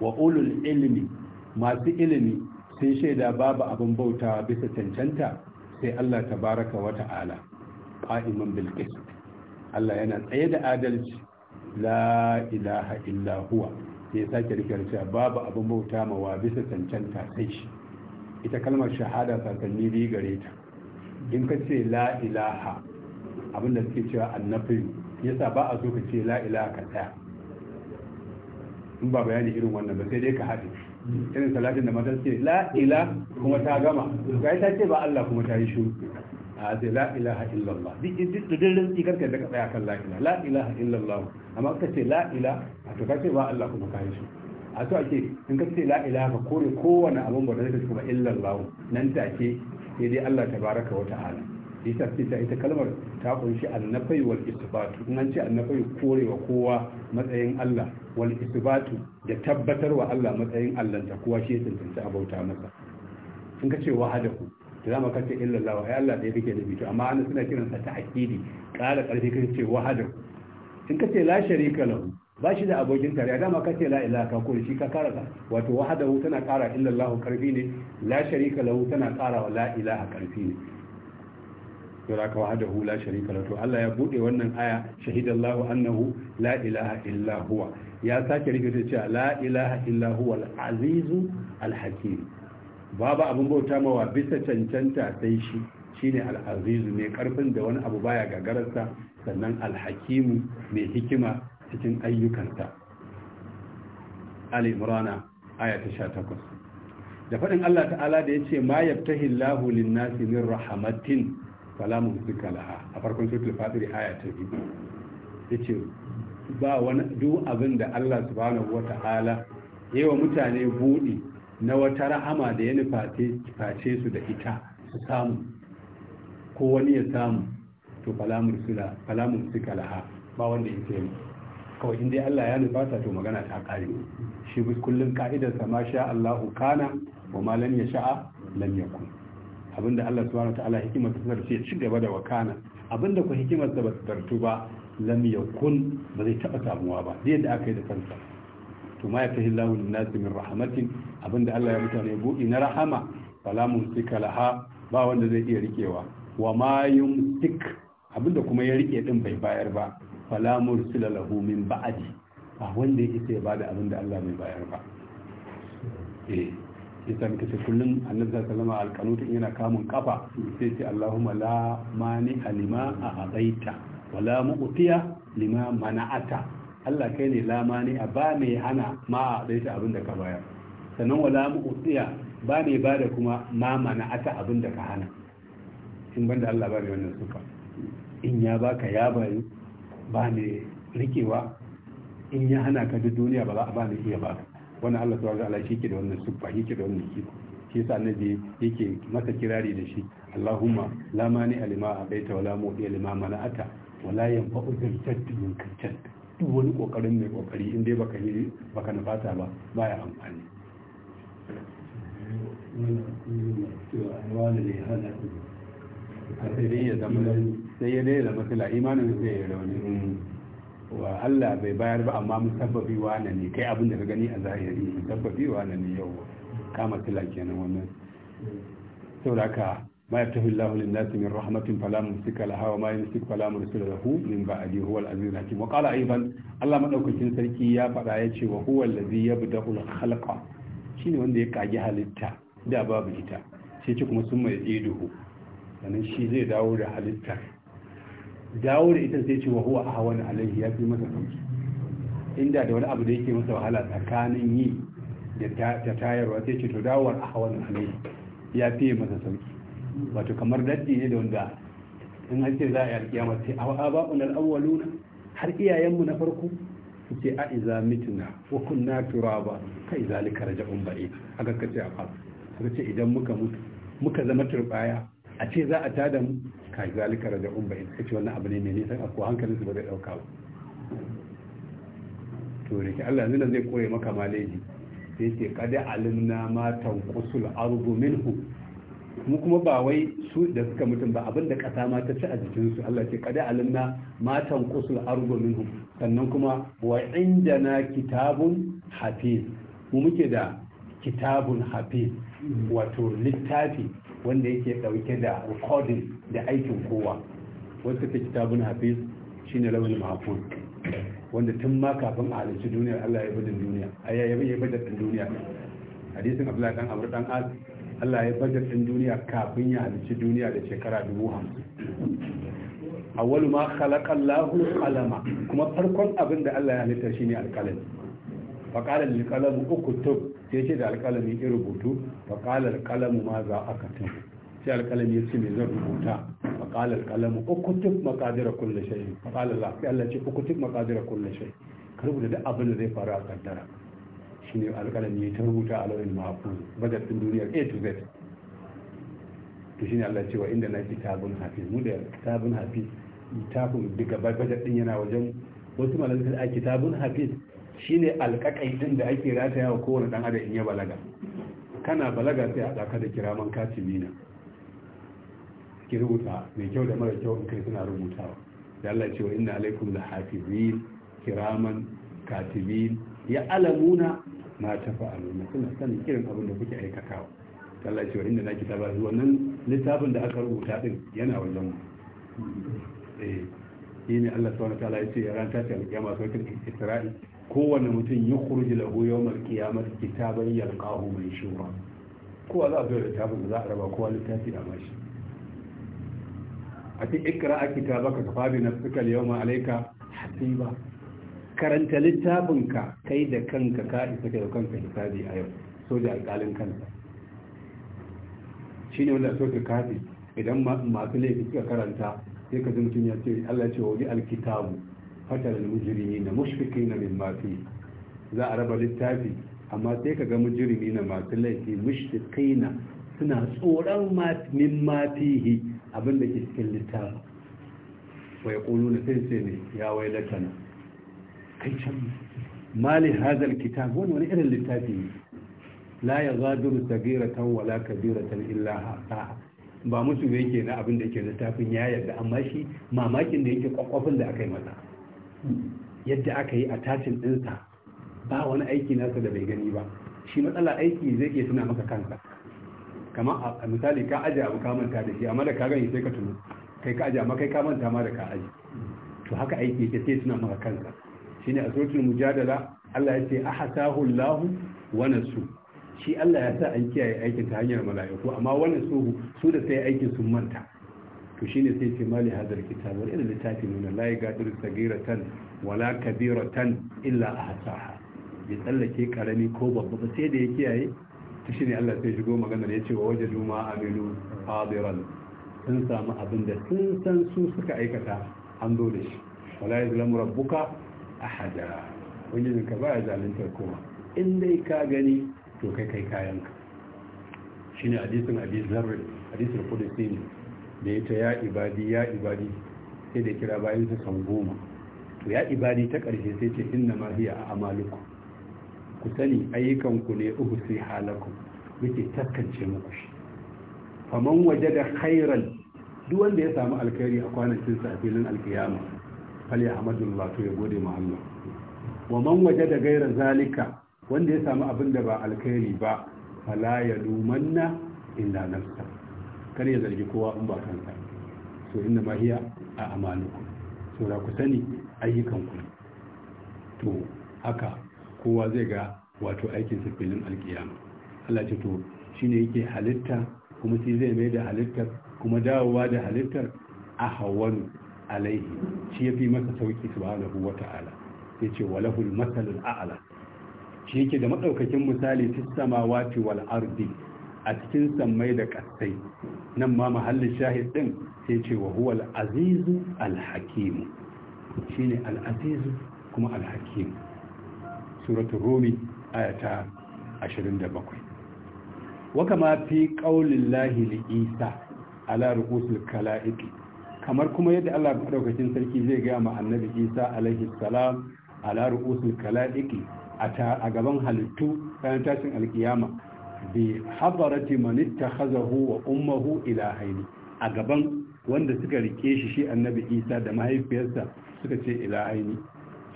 wa ulul ilmi masu ilimi sun shaida babu abin bauta bisa cancanta sai Allah tabaraka wa ta'ala qa'iman bil qist Allah yana tsaye da adalci la ilaha illa huwa sai sake rikar babu abin bauta ma wa bisa cancanta sai shi ita kalmar shahada sakanni biyu gare ta in ka ce la ilaha abinda suke cewa annabi yasa ba a so ka ce la ilaha ka tsaya in ba bayani irin wannan ba sai dai ka haɗe irin salatin da matar ce la ila kuma ta gama ga ta ce ba Allah kuma ta yi shuru a ce la ilaha illallah duk in duk dudun rinsi karka da ka tsaya kan la ila la ilaha illallah amma ka ce la ila a to ka ce ba Allah kuma ka yi shiru a to ake in ka ce la ilaha ka kore kowane abun ba da zai kuma illallah nan take sai dai Allah tabaraka wa ta'ala yasa ce ta ita kalmar ta kunshi annafai wal isbatu in an ce annafai korewa kowa matsayin Allah wal isbatu da tabbatarwa Allah matsayin Allah ta kowa shi ya tantance bauta masa in ka ce wahadahu da zama ka ce illa Allah ai Allah da yake da bito amma ana suna kiransa ta aqidi kara karfi kan ce wahadahu in ka ce la sharika lahu ba shi da abokin tare dama ka ce la ilaha ka kore shi ka kara ka wato wahadahu tana kara illallahu karfi ne la sharika lahu tana kara wa la ilaha karfi ne to raka wahdahu la sharika lahu Allah ya bude wannan aya shahidallahu annahu la ilaha illa huwa ya sake rike ta cewa la ilaha illa huwa al-azizu al-hakim babu abin bauta mawa bisa cancanta sai shi shine al-azizu mai karfin da wani abu baya gagararsa sannan al-hakimu mai hikima cikin ayyukansa Ali Imrana aya ta 18 da faɗin Allah ta'ala da ce: ma yabtahi Allahu Linnasi, min rahmatin fala mumsika laha a farkon suratul fatir aya ta biyu yace ba wani duk abin da Allah subhanahu wata'ala yayi wa mutane buɗi na wata rahama da ya nuface su da ita su samu ko wani ya samu to fala mursila laha ba wanda ya ce kawai in dai Allah ya nufata to magana ta kare shi kullun ka'idar sa ma sha Allahu kana wa ma lam sha'a, lam yakun abinda Allah subhanahu wataala hikimar ta zarce ci gaba da wakana abinda ku hikimar ta zartu ba lam yakun ba zai taba samuwa ba da da aka yi da kansa to ma yatahi Allahu lin-nasi min rahmatin abinda Allah ya mutane buɗi na rahama fala mumsika laha ba wanda zai iya rikewa wa ma yumsik abinda kuma ya rike din bai bayar ba fala mursila lahu min ba'di ba wanda ya isa ya bada abinda Allah bai bayar ba eh yasa muke ce kullum annabi sallallahu alaihi wasallam yana kamun kafa sai ce Allahumma la mani alima a adaita wala mu'tiya lima mana'ata Allah kai ne la mani a ba mai hana ma a adaita abin da ka bayar sannan wala mu'tiya ba ne ba da kuma ma mana'ata abin da ka hana in banda Allah ba mai wannan suka in ya baka ya bayu ba mai rikewa in ya hana ka duk duniya ba za a ba ne iya baka wannan Allah subhanahu ala shi ke da wannan siffa shi ke da wannan iko shi yasa annabi yake masa kirari da shi Allahumma la mani alima abaita wala mu'ti alima mana'ata wala yanfa'u zaitatu min kantan duk wani kokarin mai kokari in dai baka yi baka nufata ba baya amfani sai dai ya zama sai ya dai da sila imanin sai ya rauni wa Allah bai bayar ba amma musabbabi wane ne kai abin da ka gani a zahiri musabbabi wane ne yau kama tila kenan wannan saboda haka ma tafi Allahu lin-nasi min rahmatin fala mumsika laha wa ma yumsik fala mursala lahu min ba'di huwa al-azizul hakim wa qala aidan Allah madaukakin sarki ya faɗa ya wa huwa allazi yabda'ul khalqa shine wanda ya kage halitta da babu ita sai ci kuma mai ya'iduhu sannan shi zai dawo da halittar dawo da ita sai ce wa huwa ahwan alaihi ya fi masa sauki inda da wani abu da yake masa wahala tsakanin yi da tayarwa sai ce to dawowar ahwan alaihi ya fi masa sauki wato kamar daddi ne da wanda in an ce za a yi alkiyama sai a na al'awwaluna har iyayenmu na farko su ce a iza mituna wa kunna turaba kai zalika raja'un ba'id haka kace a fa su ce idan muka mutu muka zama turbaya a ce za a tada mu kai zalika raja umba in ce wannan abu ne mai nisan ko hankalin su ba zai dauka ba to rike Allah yanzu zai kore maka maleji sai ce kada alimna matan kusur ardu minhu mu kuma ba wai su da suka mutum ba abinda kasa ma ta ci a jikin su Allah ce kada alimna matan tanqusul ardu minhu sannan kuma wa na kitabun hafiz mu muke da kitabun hafiz wato littafi wanda yake dauke da rikodin da aikin kowa wasu ta kitabun hafiz shine launin mahafuz wanda tun ma kafin a halarci duniyar Allah ya bada duniya a yayin ya bada din duniya hadisin Abdullahi dan Amr dan As Allah ya bada din duniya kafin ya halarci duniya da shekara 50 awwalu ma khalaqa Allahu alama kuma farkon abin da Allah ya halitta shine alqalam faƙalar alƙalamu uktub sai ce da alƙalami in rubutu faƙalar alƙalamu ma za a katun sai alƙalami ya ce mai zan rubuta faƙalar alƙalamu uktub maƙadira kulle shayi faƙalar la sai Allah ce uktub maƙadira kulle shayi ka rubuta duk abin da zai faru a kaddara ne alƙalami ya ta rubuta a lauyin mafu badar din duniyar A to Z to shi ne Allah cewa inda na tabin hafi mu da tabin hafi tafin daga badar din yana wajen wasu malamai a kitabun hafiz shine alƙaƙai din da ake rataya wa kowane ɗan adam in ya balaga kana balaga sai a ɗaka da kiraman na. ki rubuta mai kyau da mara kyau in kai suna rubutawa da Allah ce inna alaikum da hafizin kiraman katibin ya alamuna na ma tafa'aluna suna sanin irin abin da kuke aikatawa Allah ce wa inna na kitaba nan littafin da aka rubuta din yana wajen mu eh shine Allah subhanahu wa ta'ala ya ce ya ta ta kiyama sai kin isra'i kowane mutum ya kurji lahu yawmal kitabar kitaban mai shura. kowa za a zo da littafin da za a raba kowa littafi a mashi a cikin ikra ka kafa bi nafsika al-yawma alayka hasiba karanta littafin ka kai da kanka ka isa kai da kanka hisabi a yau so da alƙalin kansa shi ne wanda so ka kafi idan masu laifi suka karanta sai ka ji mutum ya ce Allah ce wa bi alkitabu fatar mujirimi na mushfiki na mafi za a raba littafi amma sai ka ga mujirimi na masu laifi mushfiki na suna tsoron abin abinda ke cikin littafi wai kulu na sai sai ne ya wai latana kai can mali hazal kitab wani wani irin littafi ne la ya zaduru sagiratan wala kabiratan illa hasaha ba musu yake na abin da yake littafin ya yarda amma shi mamakin da yake kwakwafin da aka yi masa yadda aka yi a tashin ɗinsa ba wani aiki nasa da bai gani ba shi matsala aiki zai iya tuna maka kansa Kamar a misali ka aje abu ka manta da shi amma da ka gani sai ka tuno kai ka aje amma kai ka manta ma da ka aje to haka aiki yake sai tuna maka kansa shine a suratul mujadala Allah ya ce ahatahu Allah wa nasu shi Allah ya sa an kiyaye aikin ta hanyar mala'iku amma wani su su da sai aikin sun manta to shine sai ce mali hadar kitab wal ina littafi nuna la ya gadir sagiratan wala kabiratan illa ahsaha bai tsallake karami ko babba ba sai da ya kiyaye ta shine Allah sai shigo maganar ya ce wa waje juma amilu hadiran sun samu abin da sun san su suka aikata an zo da shi wala yazlamu rabbuka ahada wajen ka baya zaluntar kowa in dai ka gani to kai kai kayanka shine hadisin abi da ita ya ibadi ya ibadi sai da kira bayan su kan goma to ya ibadi ta ƙarshe sai ce inna ma hiya a amaluku ku sani ayyukan ku ne uku sai halaku muke takkance muku shi faman waje da khairan duk wanda ya samu alkhairi a kwanakin sa a filin alkiyama fali ahmadullah to ya gode ma Allah wa man waje da gaira zalika wanda ya samu abin da ba alkhairi ba fala ya lumanna illa nafsa kar ya zargi kowa in ba kansa so inna ma hiya a amalukum so ra ku sani ayyukan ku to haka kowa zai ga wato aikin sa filin alkiyama Allah ce to shine yake halitta kuma shi zai mai da halittar kuma dawowa da halittar a hawan alaihi shi yafi masa sauki subhanahu wata'ala sai ce walahul masalul a'la shi yake da madaukakin misali fis samawati wal ardi a cikin sammai da kasai nan ma mahallin shahid din sai ce wa huwa al-azizu al-hakim shine al kuma al-hakim suratul rumi ayata 27 wa kama fi qaulillahi li isa ala ru'usil kala’iki kamar kuma yadda Allah madaukakin sarki zai ga ma annabi isa alaihi salam ala ru'usil a gaban halittu bayan tashin alkiyama bi hadarati man ittakhazahu wa ummuhu ilahaini a gaban wanda suka rike shi shi annabi Isa da mahaifiyarsa suka ce ilahaini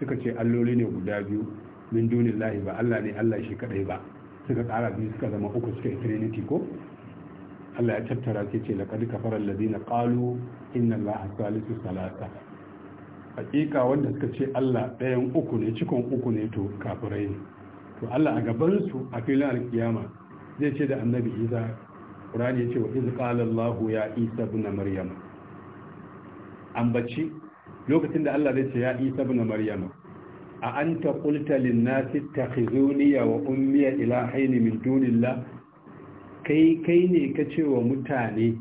suka ce alloli ne guda biyu min dunillahi ba Allah ne Allah shi kadai ba suka kara biyu suka zama uku suka yi trinity ko Allah ya tattara sai ce laqad kafara alladhina qalu inna allaha salisu salasa hakika wanda suka ce Allah ɗayan uku ne cikon uku ne to kafirai to Allah a gaban su a filin alkiyama zai ce da annabi isa ƙurani ya ce wa iz qala ya isa ibn maryam ambaci lokacin da Allah zai ce ya isa ibn maryam a anta qulta lin nasi ittakhizuni wa ummi ilahayn min dunillah kai kai ne ka ce wa mutane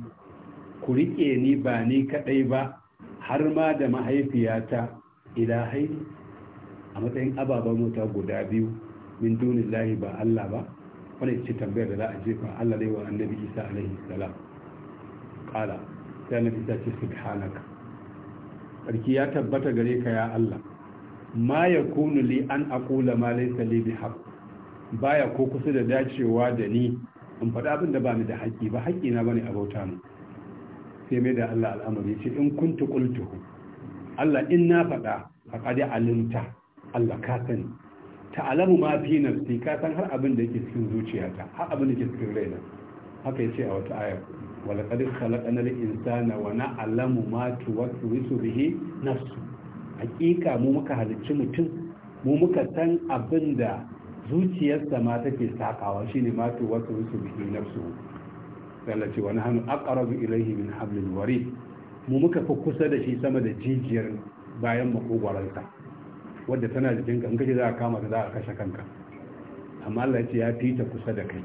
ku rike ni ba ni kadai ba har ma da mahaifiyata ilahai a matsayin ababen wuta guda biyu min lahi ba Allah ba wani ce tambayar da za a jefa Allah ne wa annabi Isa alaihi salam kala sai annabi Isa ce subhanaka sarki ya tabbata gare ka ya Allah ma kunu li an aqula ma laysa li bihaq baya ko kusa da dacewa da ni in faɗa abin da ba ni da haƙƙi ba haƙƙi na bane a bauta mu sai mai da Allah al'amari ce in kuntu qultuhu Allah in na faɗa faqad alimta Allah ka sani ta'alamu ma fi nafsi ka san har abin da yake cikin zuciyata har abin da yake cikin raina haka yace a wata aya wala qad khalaqna al insana wa na'lamu ma tuwaswisu bihi nafsu hakika mu muka halicci mutum mu muka san abin da zuciyarsa ma take sakawa shine ma tuwaswisu bihi nafsu Allah ce wa nahnu aqrabu ilayhi min hablil warid mu muka fi kusa da shi sama da jijiyar bayan makogwararsa wadda tana jikinka in kace za a kama ka za a kashe kanka amma Allah ya ce ya fita kusa da kai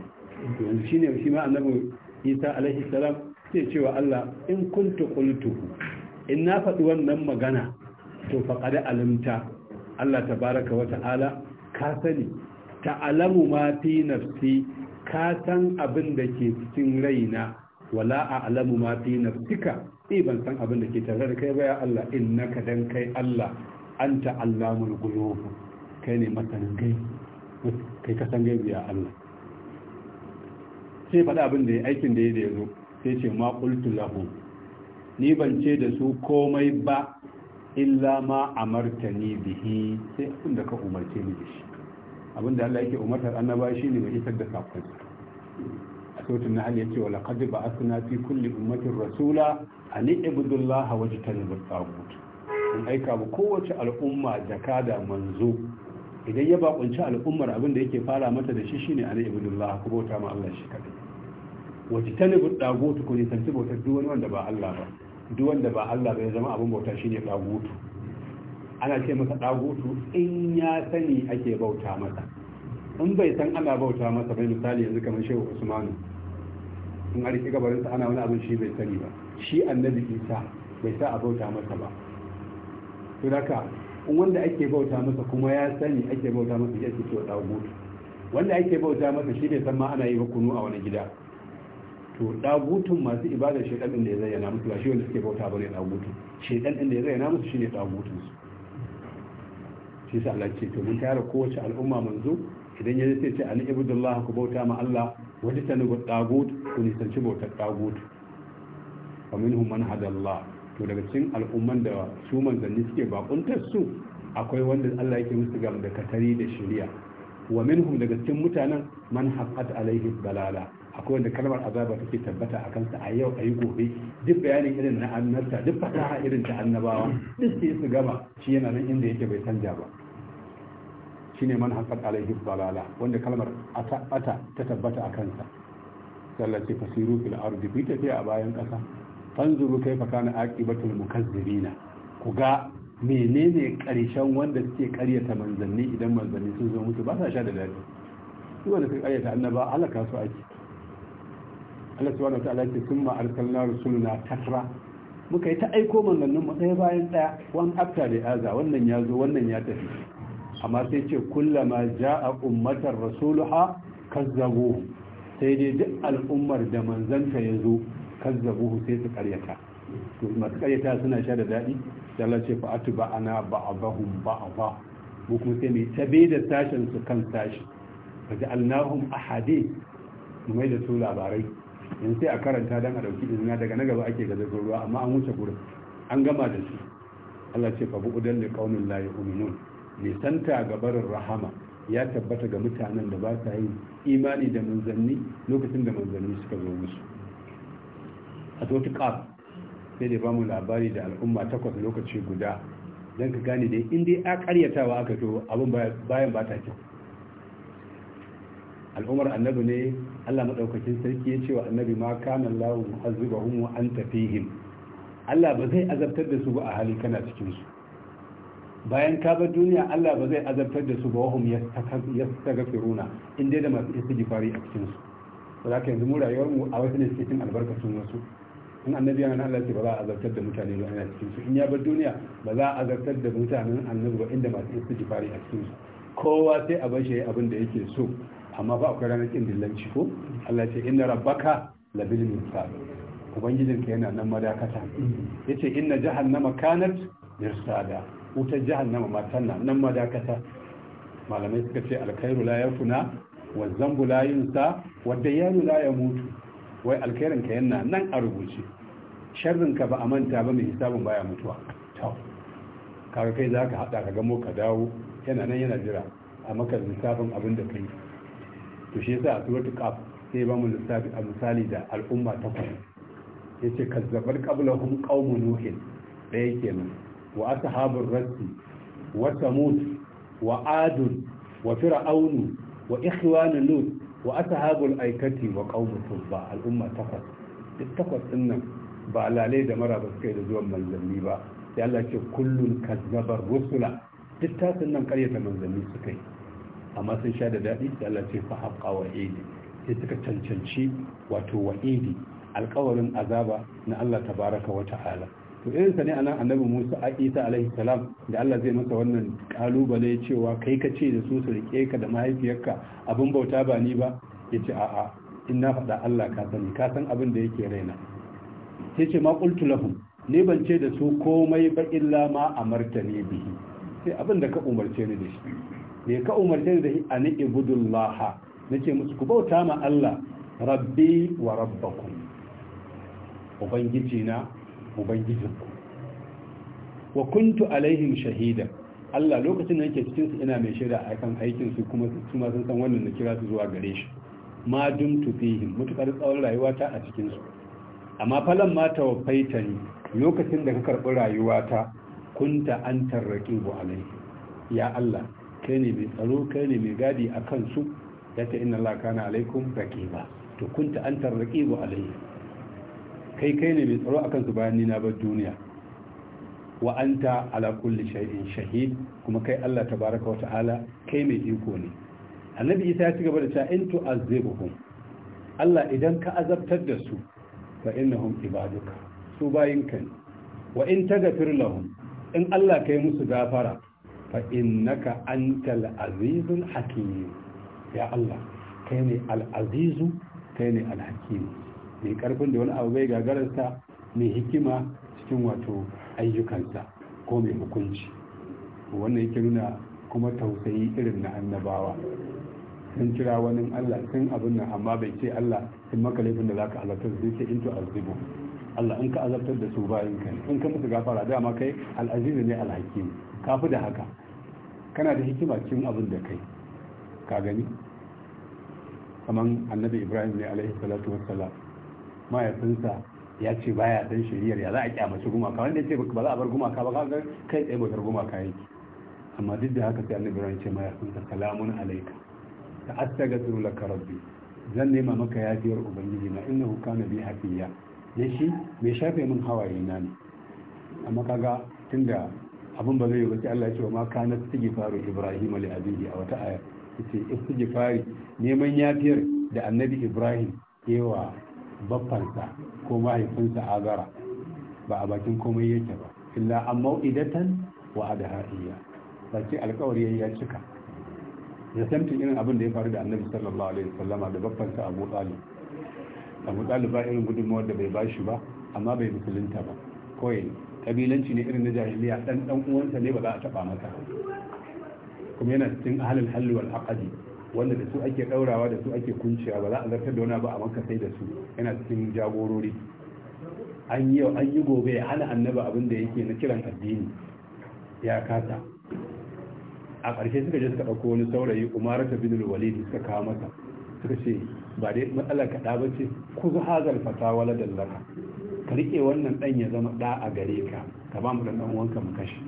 to yanzu shine shi ma annabi Isa alaihi salam sai cewa Allah in kuntu qultu in na faɗi wannan magana to faqad alimta Allah tabaraka wa ta'ala ka sani ta'alamu ma fi nafsi ka san abin da ke cikin raina wala a'lamu ma fi nafsika eh ban abin da ke tare da kai ba ya Allah innaka dan kai Allah anta allamul ghuyub kai ne masanin gai kai ka san gaibi Allah sai faɗa abin da ya aikin da ya da ya zo sai ce ma qultu lahu ni ban ce da su komai ba illa ma ni bihi sai abin da ka umarce ni da shi abin da Allah yake umartar annaba shi ne mai isar da sakon a sautin na ya ce wa laqad ba'athna fi kulli ummatin rasula an ibudullaha wajtanibut tagut an aika ba kowace al'umma jakada manzo idan ya bakunci al'ummar abin da yake fara mata da shi shine ana Allah ku bauta ma Allah shi kadai wace ta nufi dagotu ku nisanci bautar duk wani wanda ba Allah ba duk wanda ba Allah ba ya zama abin bauta shine dagotu ana ce masa dagotu in ya sani ake bauta masa in bai san ana bauta masa bai misali yanzu kamar shehu usmanu in arki gabarinsa ana wani abin shi bai sani ba shi annabi isa bai sa a bauta masa ba to wanda ake bauta masa kuma ya sani ake bauta masa ya ce to dagutu wanda ake bauta masa shi ne san ma ana yi wa kunu a wani gida to dagutun masu ibadar shedan din da ya zayyana musu ba shi wanda suke bauta bane dagutun shedan din da ya zayyana musu shine dagutun su shi sa Allah ce to mun tare kowace al'umma manzo idan ya ce ce an ibudullah ku bauta ma Allah wajtanu dagut ku nisanci bautar dagut wa minhum man hadallah to daga cikin al'umman da su manzanni suke bakuntar su akwai wanda Allah yake musu gam da katari da shari'a wa minhum daga cikin mutanen man haqqat alaihi balala akwai wanda kalmar azaba take tabbata a kansa a yau a yi gobe duk bayanin irin na annabta duk fasaha irin ta annabawa duk sai su gama shi yana nan inda yake bai canja ba shine man haqqat alaihi balala wanda kalmar ata ta tabbata a kansa sallati fasiru fil ardi bi tafiya a bayan kasa fanzuru kai fa kana aqibatul mukazzibina ku ga menene karshen wanda suke karyata manzanni idan manzanni sun zo mutu ba sa sha da dadi su wanda suka karyata annaba halaka su ake Allah subhanahu wa ta'ala ya ce summa arsalna rusulana tatra muka yi ta aiko manzannin mu ɗaya bayan ɗaya wani afta da aza wannan ya zo wannan ya tafi amma sai ce kullama ja'a ummatar rasuluha kazzabu sai dai duk al'ummar da manzanta ya zo kazzabuhu sai su karyata to masu karyata suna sha da daɗi sai Allah ce fa atuba ana ba'dahum ba'dha mu kuma sai mai tabe da sashen su kan sashi fa ja'alnahum ahadi mu mai da su labarai in sai a karanta dan a dauki izina daga na gaba ake gaza ruwa amma an wuce gurin an gama da su Allah ce fa bu'udan li qaumin la yu'minun mai santa gabar rahama ya tabbata ga mutanen da ba sa yin imani da manzanni lokacin da manzanni suka zo musu a sautu ƙaf sai da bamu labari da al'umma takwas lokaci guda don ka gane dai inda ya karyatawa aka to abin bayan ba ta kyau al'ummar annabi ne allah maɗaukakin sarki ya ce wa annabi ma kanan lawon azuba hun wa an tafihim allah ba zai azabtar da su ba a hali kana cikinsu bayan ka bar duniya allah ba zai azabtar da su ba wahum ya firuna inda da masu isa gifari a cikinsu ba za ka yanzu mu rayuwar mu a wasu ne cikin albarkacin wasu in annabi yana Allah ce ba za a azartar da mutane ba yana cikin su in ya bar duniya ba za a azartar da mutanen annabi ba inda masu fari a cikin su kowa sai a bar shi abin da yake so amma ba akwai ranar kin dillanci ko Allah ce inna rabbaka labil mursal ka yana nan madakata yace inna jahannama kanat mirsada wutar jahannama matan tana nan madakata malamai suka ce alkhairu la yafuna wa zambu la yunsa wa dayanu la yamutu wai alkhairin ka yana nan a rubuce sharrin ka ba a manta ba mai hisabin baya mutuwa to kaga kai zaka haɗa ka gamo ka dawo yana nan yana jira a maka lissafin abin da kai to shi yasa a suratul qaf sai ba mu lissafi a misali da al'umma takwas yace kazzabar qablahum qaumun nuhin daya kenan wa ashabur rasi wa samud wa adun wa fir'aunu wa ikhwanu nut. wa ashabul aikati wa qaumu tubba al'umma takwas duk takwas din nan ba lalai da mara ba suka da zuwan manzanni ba sai Allah ce kullun kazzabar rusula duk tasin nan karyata manzanni suka yi amma sun sha da daɗi sai Allah ce fa haqqa wa idi sai suka cancanci wato wa idi alƙawarin azaba na Allah tabaraka wa ta'ala to irin sa ne anan annabi Musa a Isa alaihi salam da Allah zai masa wannan kalubale cewa kai ka ce da su su rike ka da mahaifiyarka abin bauta ba ni ba yace a'a in na faɗa Allah ka sani ka san abin da yake raina sai ce ma qultu lahum ne ban ce da su komai ba illa ma martani bihi sai abin da ka umarce ni da shi ne ka umarce ni da shi an ibudullah nace musu ku bauta ma Allah rabbi wa rabbakum ubangiji na ubangijinku wa kuntu alaihim shahida Allah lokacin da yake cikin su ina mai shaida a kan aikin su kuma su ma sun san wannan da kira su zuwa gare shi ma dumtu fihim mutakar tsawon rayuwata a cikin su amma falan ma tawaffaita ni lokacin da ka karbi rayuwata kunta antar raqibu alaihi ya Allah kai ne mai tsaro kai ne mai gadi akan su yace inna Allah kana alaikum raqiba to kunta antar raqibu alaihi kai kai ne mai tsaro akan su bayan ni na bar duniya wa anta ala kulli shay'in shahid kuma kai Allah tabaraka wa ta'ala kai mai iko ne annabi isa ya ci gaba da cewa in tu'azzibuhum Allah idan ka azabtar da su fa innahum ibaduka su bayinka ne wa in taghfir lahum in Allah kai musu gafara fa innaka antal azizul hakim ya Allah kai ne al azizu kai ne al hakim mai karfin da wani abu bai gagararsa mai hikima cikin wato ayyukansa ko mai hukunci wannan yake nuna kuma tausayi irin na annabawa sun kira wani Allah sun abin nan amma bai ce Allah sun maka laifin da zaka azabtar zai ce into to azibu Allah in ka azabtar da su bayan ka in ka musu gafara dama kai al'azizu ne alhakim kafi da haka kana da hikima cikin abin da kai ka gani kamar annabi Ibrahim ne alaihi salatu wassalam mahaifinsa ya ce ba ya dan shiriyar ya za a kyamaci gumaka wanda ya ce ba za a bar gumaka ba kaga kai tsaye bautar gumaka yake amma duk da haka sai annabi ibrahim ce mahaifinsa salamun alaika ta astaghfiru ka rabbi zan nema maka yafiyar ubangiji na innahu na bi hafiya ya shi mai shafe min hawaye na ne amma kaga tunda abin ba zai yi ba sai Allah ya ce ma kana faru ibrahim ali abihi a wata aya yace istighfari neman yafiyar da annabi ibrahim yawa baffansa ko mahaifinsa agara ba a bakin komai yake ba illa an mau'idatan wa adahaiya sace alkawari ya cika da samtin irin abin da ya faru da annabi sallallahu alaihi wasallama da baffansa abu talib abu talib ba irin gudunmawar da bai bashi ba amma bai musulunta ba kawai kabilanci ne irin na jahiliya dan dan uwansa ne ba za a taba masa kuma yana cikin ahlul halli wal aqdi wanda da su ake ɗaurawa da su ake kunciya ba za a zartar da wani ba a maka sai da su yana cikin jagorori an yi gobe ya hana annaba abin da yake na kiran addini ya kasa a ƙarshe suka je suka ɗauko wani saurayi umar ta bin walid suka kawo masa suka ce ba dai matsala ka ɗa ce. ku zu hazal fata wala dallaka ka riƙe wannan ɗan ya zama ɗa a gare ka ka ba mu ɗan uwanka mu kashe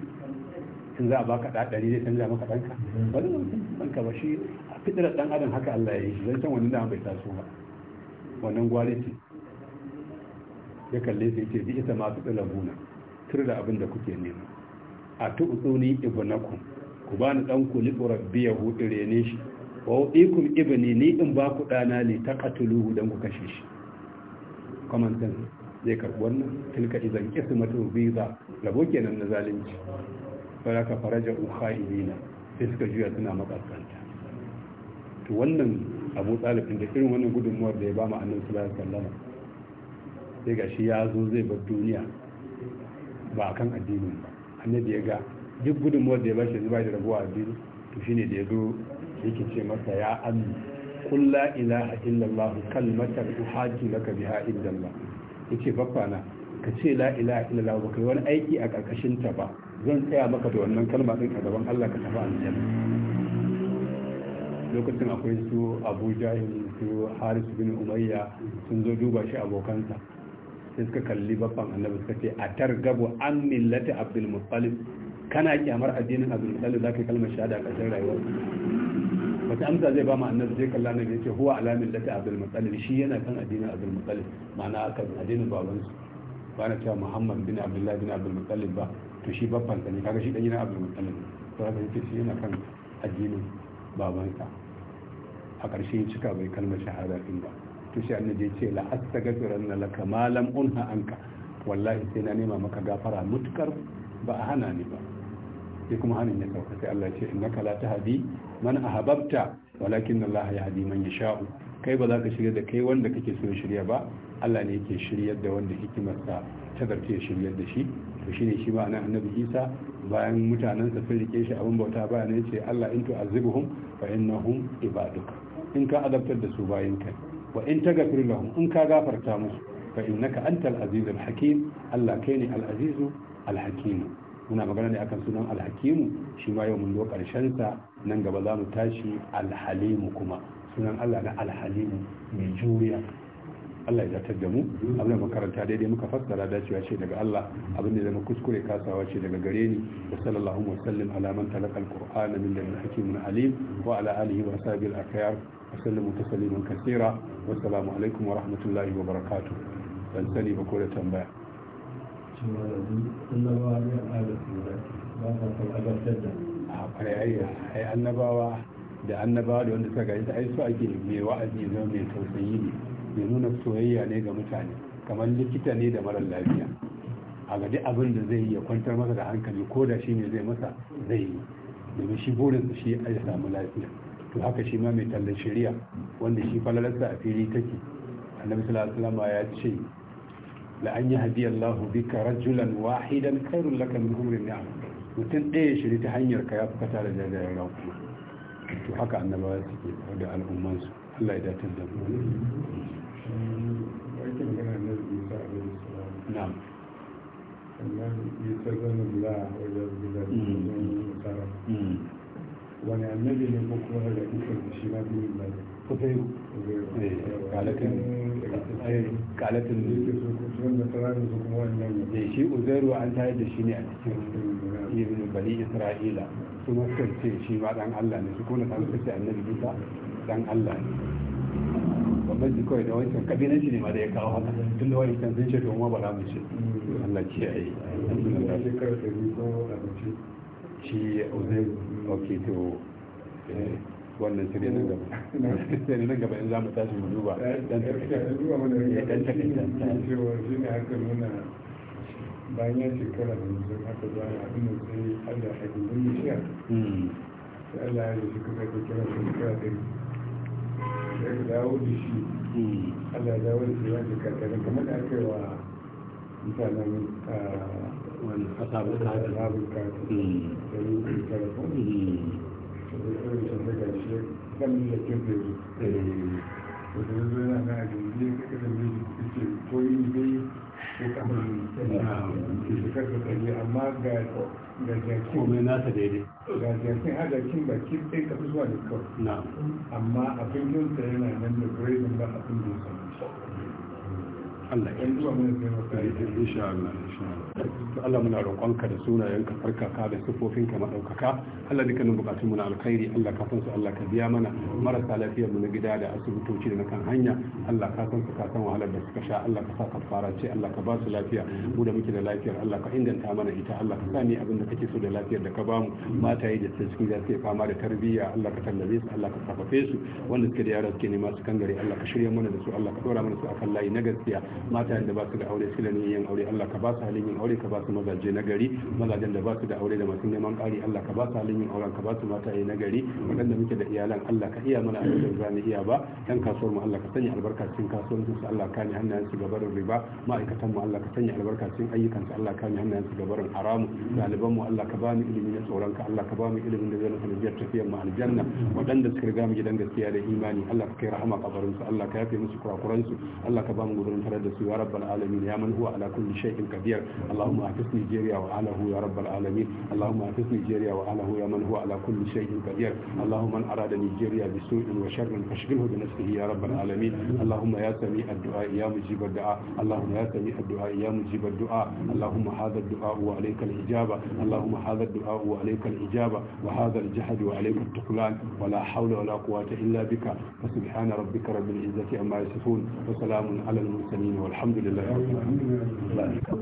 in za a baka da ɗari zai canza maka ɗanka ba mutum zama ɗanka ba shi a fitirar ɗan adam haka Allah ya yi shi san wani da bai taso ba wannan gwari ce ya kalle sai ce bi ita ma fitirar guna tur da abin da kuke nema a ni ibnakum ku ba ni ɗanku liɓurabbiyahu irene shi wa waɗikun ibni ni in ba ku ɗana ne ta ƙatuluhu don ku kashe shi kwamantan zai karɓi wannan tilka izan ƙismatu biza rabo kenan na zalunci faraka faraja ukhaibina sai suka juya suna makaskanta to wannan abu tsalifin da irin wannan gudunmuwar da ya ba mu annabi sallallahu alaihi wasallam sai gashi ya zo zai bar duniya ba a kan addinin ba annabi ya ga duk gudunmuwar da ya bashi zuba da rabuwa addini to ne da ya zo yake ce masa ya ammi kan matar ilaha illallah kalmatan uhajju laka biha indallah yace baffana ka ce la ilaha illallah ba kai wani aiki a karkashin ta ba zan tsaya maka da wannan kalma ɗin a gaban Allah ka tafi aljanna lokacin akwai su Abu Jahil su Haris bin Umayya sun zo duba shi abokansa sai suka kalli babban annabi suka ce a targabu an millati Abdul Muttalib kana kyamar addinin Abdul Muttalib ka kalmar shahada a ƙarshen rayuwar wata amsa zai ba mu annabi zai kalla ne yace huwa ala millati Abdul Muttalib shi yana kan addinin Abdul Muttalib ma'ana kan addinin babansu ba na cewa Muhammad bin Abdullah bin Abdul Muttalib ba to shi babban ne kaga shi dan gidan abdul muttalib to haka yake shi yana kan addinin babansa a ƙarshe ya cika bai kalmar shahada din ba to shi annabi ya ce la astaghfiranna laka ma lam unha anka wallahi sai na nema maka gafara mutukar ba a hana ni ba sai kuma hannun ya sauka sai Allah ya ce innaka la tahdi man ahbabta walakin Allah yahdi man yasha'u kai ba za ka shirya da kai wanda kake so shirya ba Allah ne yake shiryar da wanda hikimarsa ta zarce shiryar da shi to shine shi ma'ana annabi Isa bayan mutanensa sun rike shi abin bauta ba ne ce Allah in tu'azibuhum fa innahum ibaduk in ka adabtar da su bayin kai wa in tagfir lahum in ka gafarta musu fa innaka antal azizul hakim Allah kai ne al azizu al hakim muna magana ne akan sunan al hakim shi ma yau mun zo karshen sa nan gaba za mu tashi al halim kuma sunan Allah na alhalimu mai juriya Allah ya datar da mu abin da karanta daidai muka fassara dacewa ce daga Allah abin da zama kuskure kasawa ce daga gare ni wa sallallahu wa sallim ala man talaqa alqur'ana min ladun hakimin alim wa ala alihi wa sahbihi al-akhyar wa sallimu tasliman kaseera wa assalamu alaikum wa rahmatullahi wa barakatuh dan sani ba ko da tambaya a annabawa da annabawa da wanda suka gani ta su ake mai wa'azi zama mai tausayi ne mai nuna soyayya ne ga mutane kamar likita ne da marar lafiya a gadi abin da zai yi ya kwantar masa da hankali ko da shi ne zai masa zai yi domin shi burin shi a ya samu lafiya to haka shi ma mai tallan shari'a wanda shi falalarsa a fili take annabi sallallahu ya ce la an yi Allah bika rajulan wahidan khairul laka min humrin ni'am mutum ɗaya shiri ta hanyar ka ya fukata da jajayen to haka annabawa suke da al'ummansu Allah ya datar da mu isa mm. mm. wani annabi ne ko kuma da ikon shi na biyu ba ko kalatin da eh, shi uzairu an tayar da shi ne a cikin ibn bani isra'ila sun ce shi ma dan Allah ne su kuma san kace annabi Isa dan Allah ne wannan ji kawai da wancan kabilanci ne ma da ya kawo haka tun da wani kan sun ce ba mu ce Allah ce ai shi uzai ok to eh, wannan su ne gaba sai ne nan gaba in za mu tashi mu duba eh, dan eh, dan bayan ya shekara da mutum haka za a abin da sai allah ya da shiya hmm. sai allah ya shi kuka ta kira da yi da ya dawo da shi hmm. allah ya dawo da shi ya shekara da kamar da aka yi wa mutanen ah, wani asabin kafin asabin kafin da hmm. yi kuka telefon da ya shi daga shi kan da kirkir eh. da ya zo yana na ajiyar da ya da mai ce ko yi amma ga jakin nasa daidai ga jakin har jakin baki ɗaya ka fi zuwa da kawai amma abin yin na yana nan da grazing ba abin yin sa Allah ya zuwa mana zai maka insha to Allah muna roƙonka da sunayenka farkaka da sifofinka madaukaka Allah dukkanin bukatun mu na alkhairi Allah ka su Allah ka biya mana marasa lafiyar mu na gida da asibitoci da na kan hanya Allah ka ka san wahalar da suka sha Allah ka sa kafara ce Allah ka ba su lafiya mu da muke da lafiyar Allah ka inganta mana ita Allah ka sani abin da kake so da lafiyar da ka bamu mataye da suke za su fama da tarbiyya Allah ka tallabe su Allah ka su wanda suke da yara suke nema su kangare Allah ka shirya mana da su Allah ka dora mana su akan layi na gaskiya mata da ba su da aure su da yin aure Allah ka ba su su halin yin aure ka ba su mazaje na gari mazajen da ba su da aure da masu neman ƙari Allah ka ba su halin yin auren ka ba su mata yi na gari waɗanda muke da iyalan Allah ka iya mana abin da za mu iya ba ɗan kasuwar mu Allah ka sanya albarka cikin kasuwancin su Allah ka ne hannayen su gabarin riba ma'aikatan mu Allah ka sanya albarka cikin ayyukan su Allah ka ne hannayen su gabarin haramu ɗaliban mu Allah ka ba mu ilimi na tsoron ka Allah ka ba mu ilimin da zai nufa biyar tafiyar mu aljanna waɗanda suka riga mu gidan gaskiya da imani Allah ka kai rahama kabarin su Allah ka yafe musu kurakuransu Allah ka ba mu gudun tare da su ya rabbal alamin ya man huwa ala kulli shay'in qadir نيجير اللهم اعكس نيجيريا واهله يا رب العالمين اللهم اعكس نيجيريا واهله يا من هو على كل شيء قدير اللهم من اراد نيجيريا بسوء وشر فاشغله بنفسه يا رب العالمين اللهم يا سميع الدعاء يا مجيب الدعاء اللهم يا سميع الدعاء يا مجيب الدعاء اللهم هذا الدعاء وعليك الاجابه اللهم هذا الدعاء وعليك الاجابه وهذا الجهد وعليك التقلان ولا حول ولا قوه الا بك فسبحان ربك رب العزه عما يصفون وسلام على المرسلين والحمد لله رب العالمين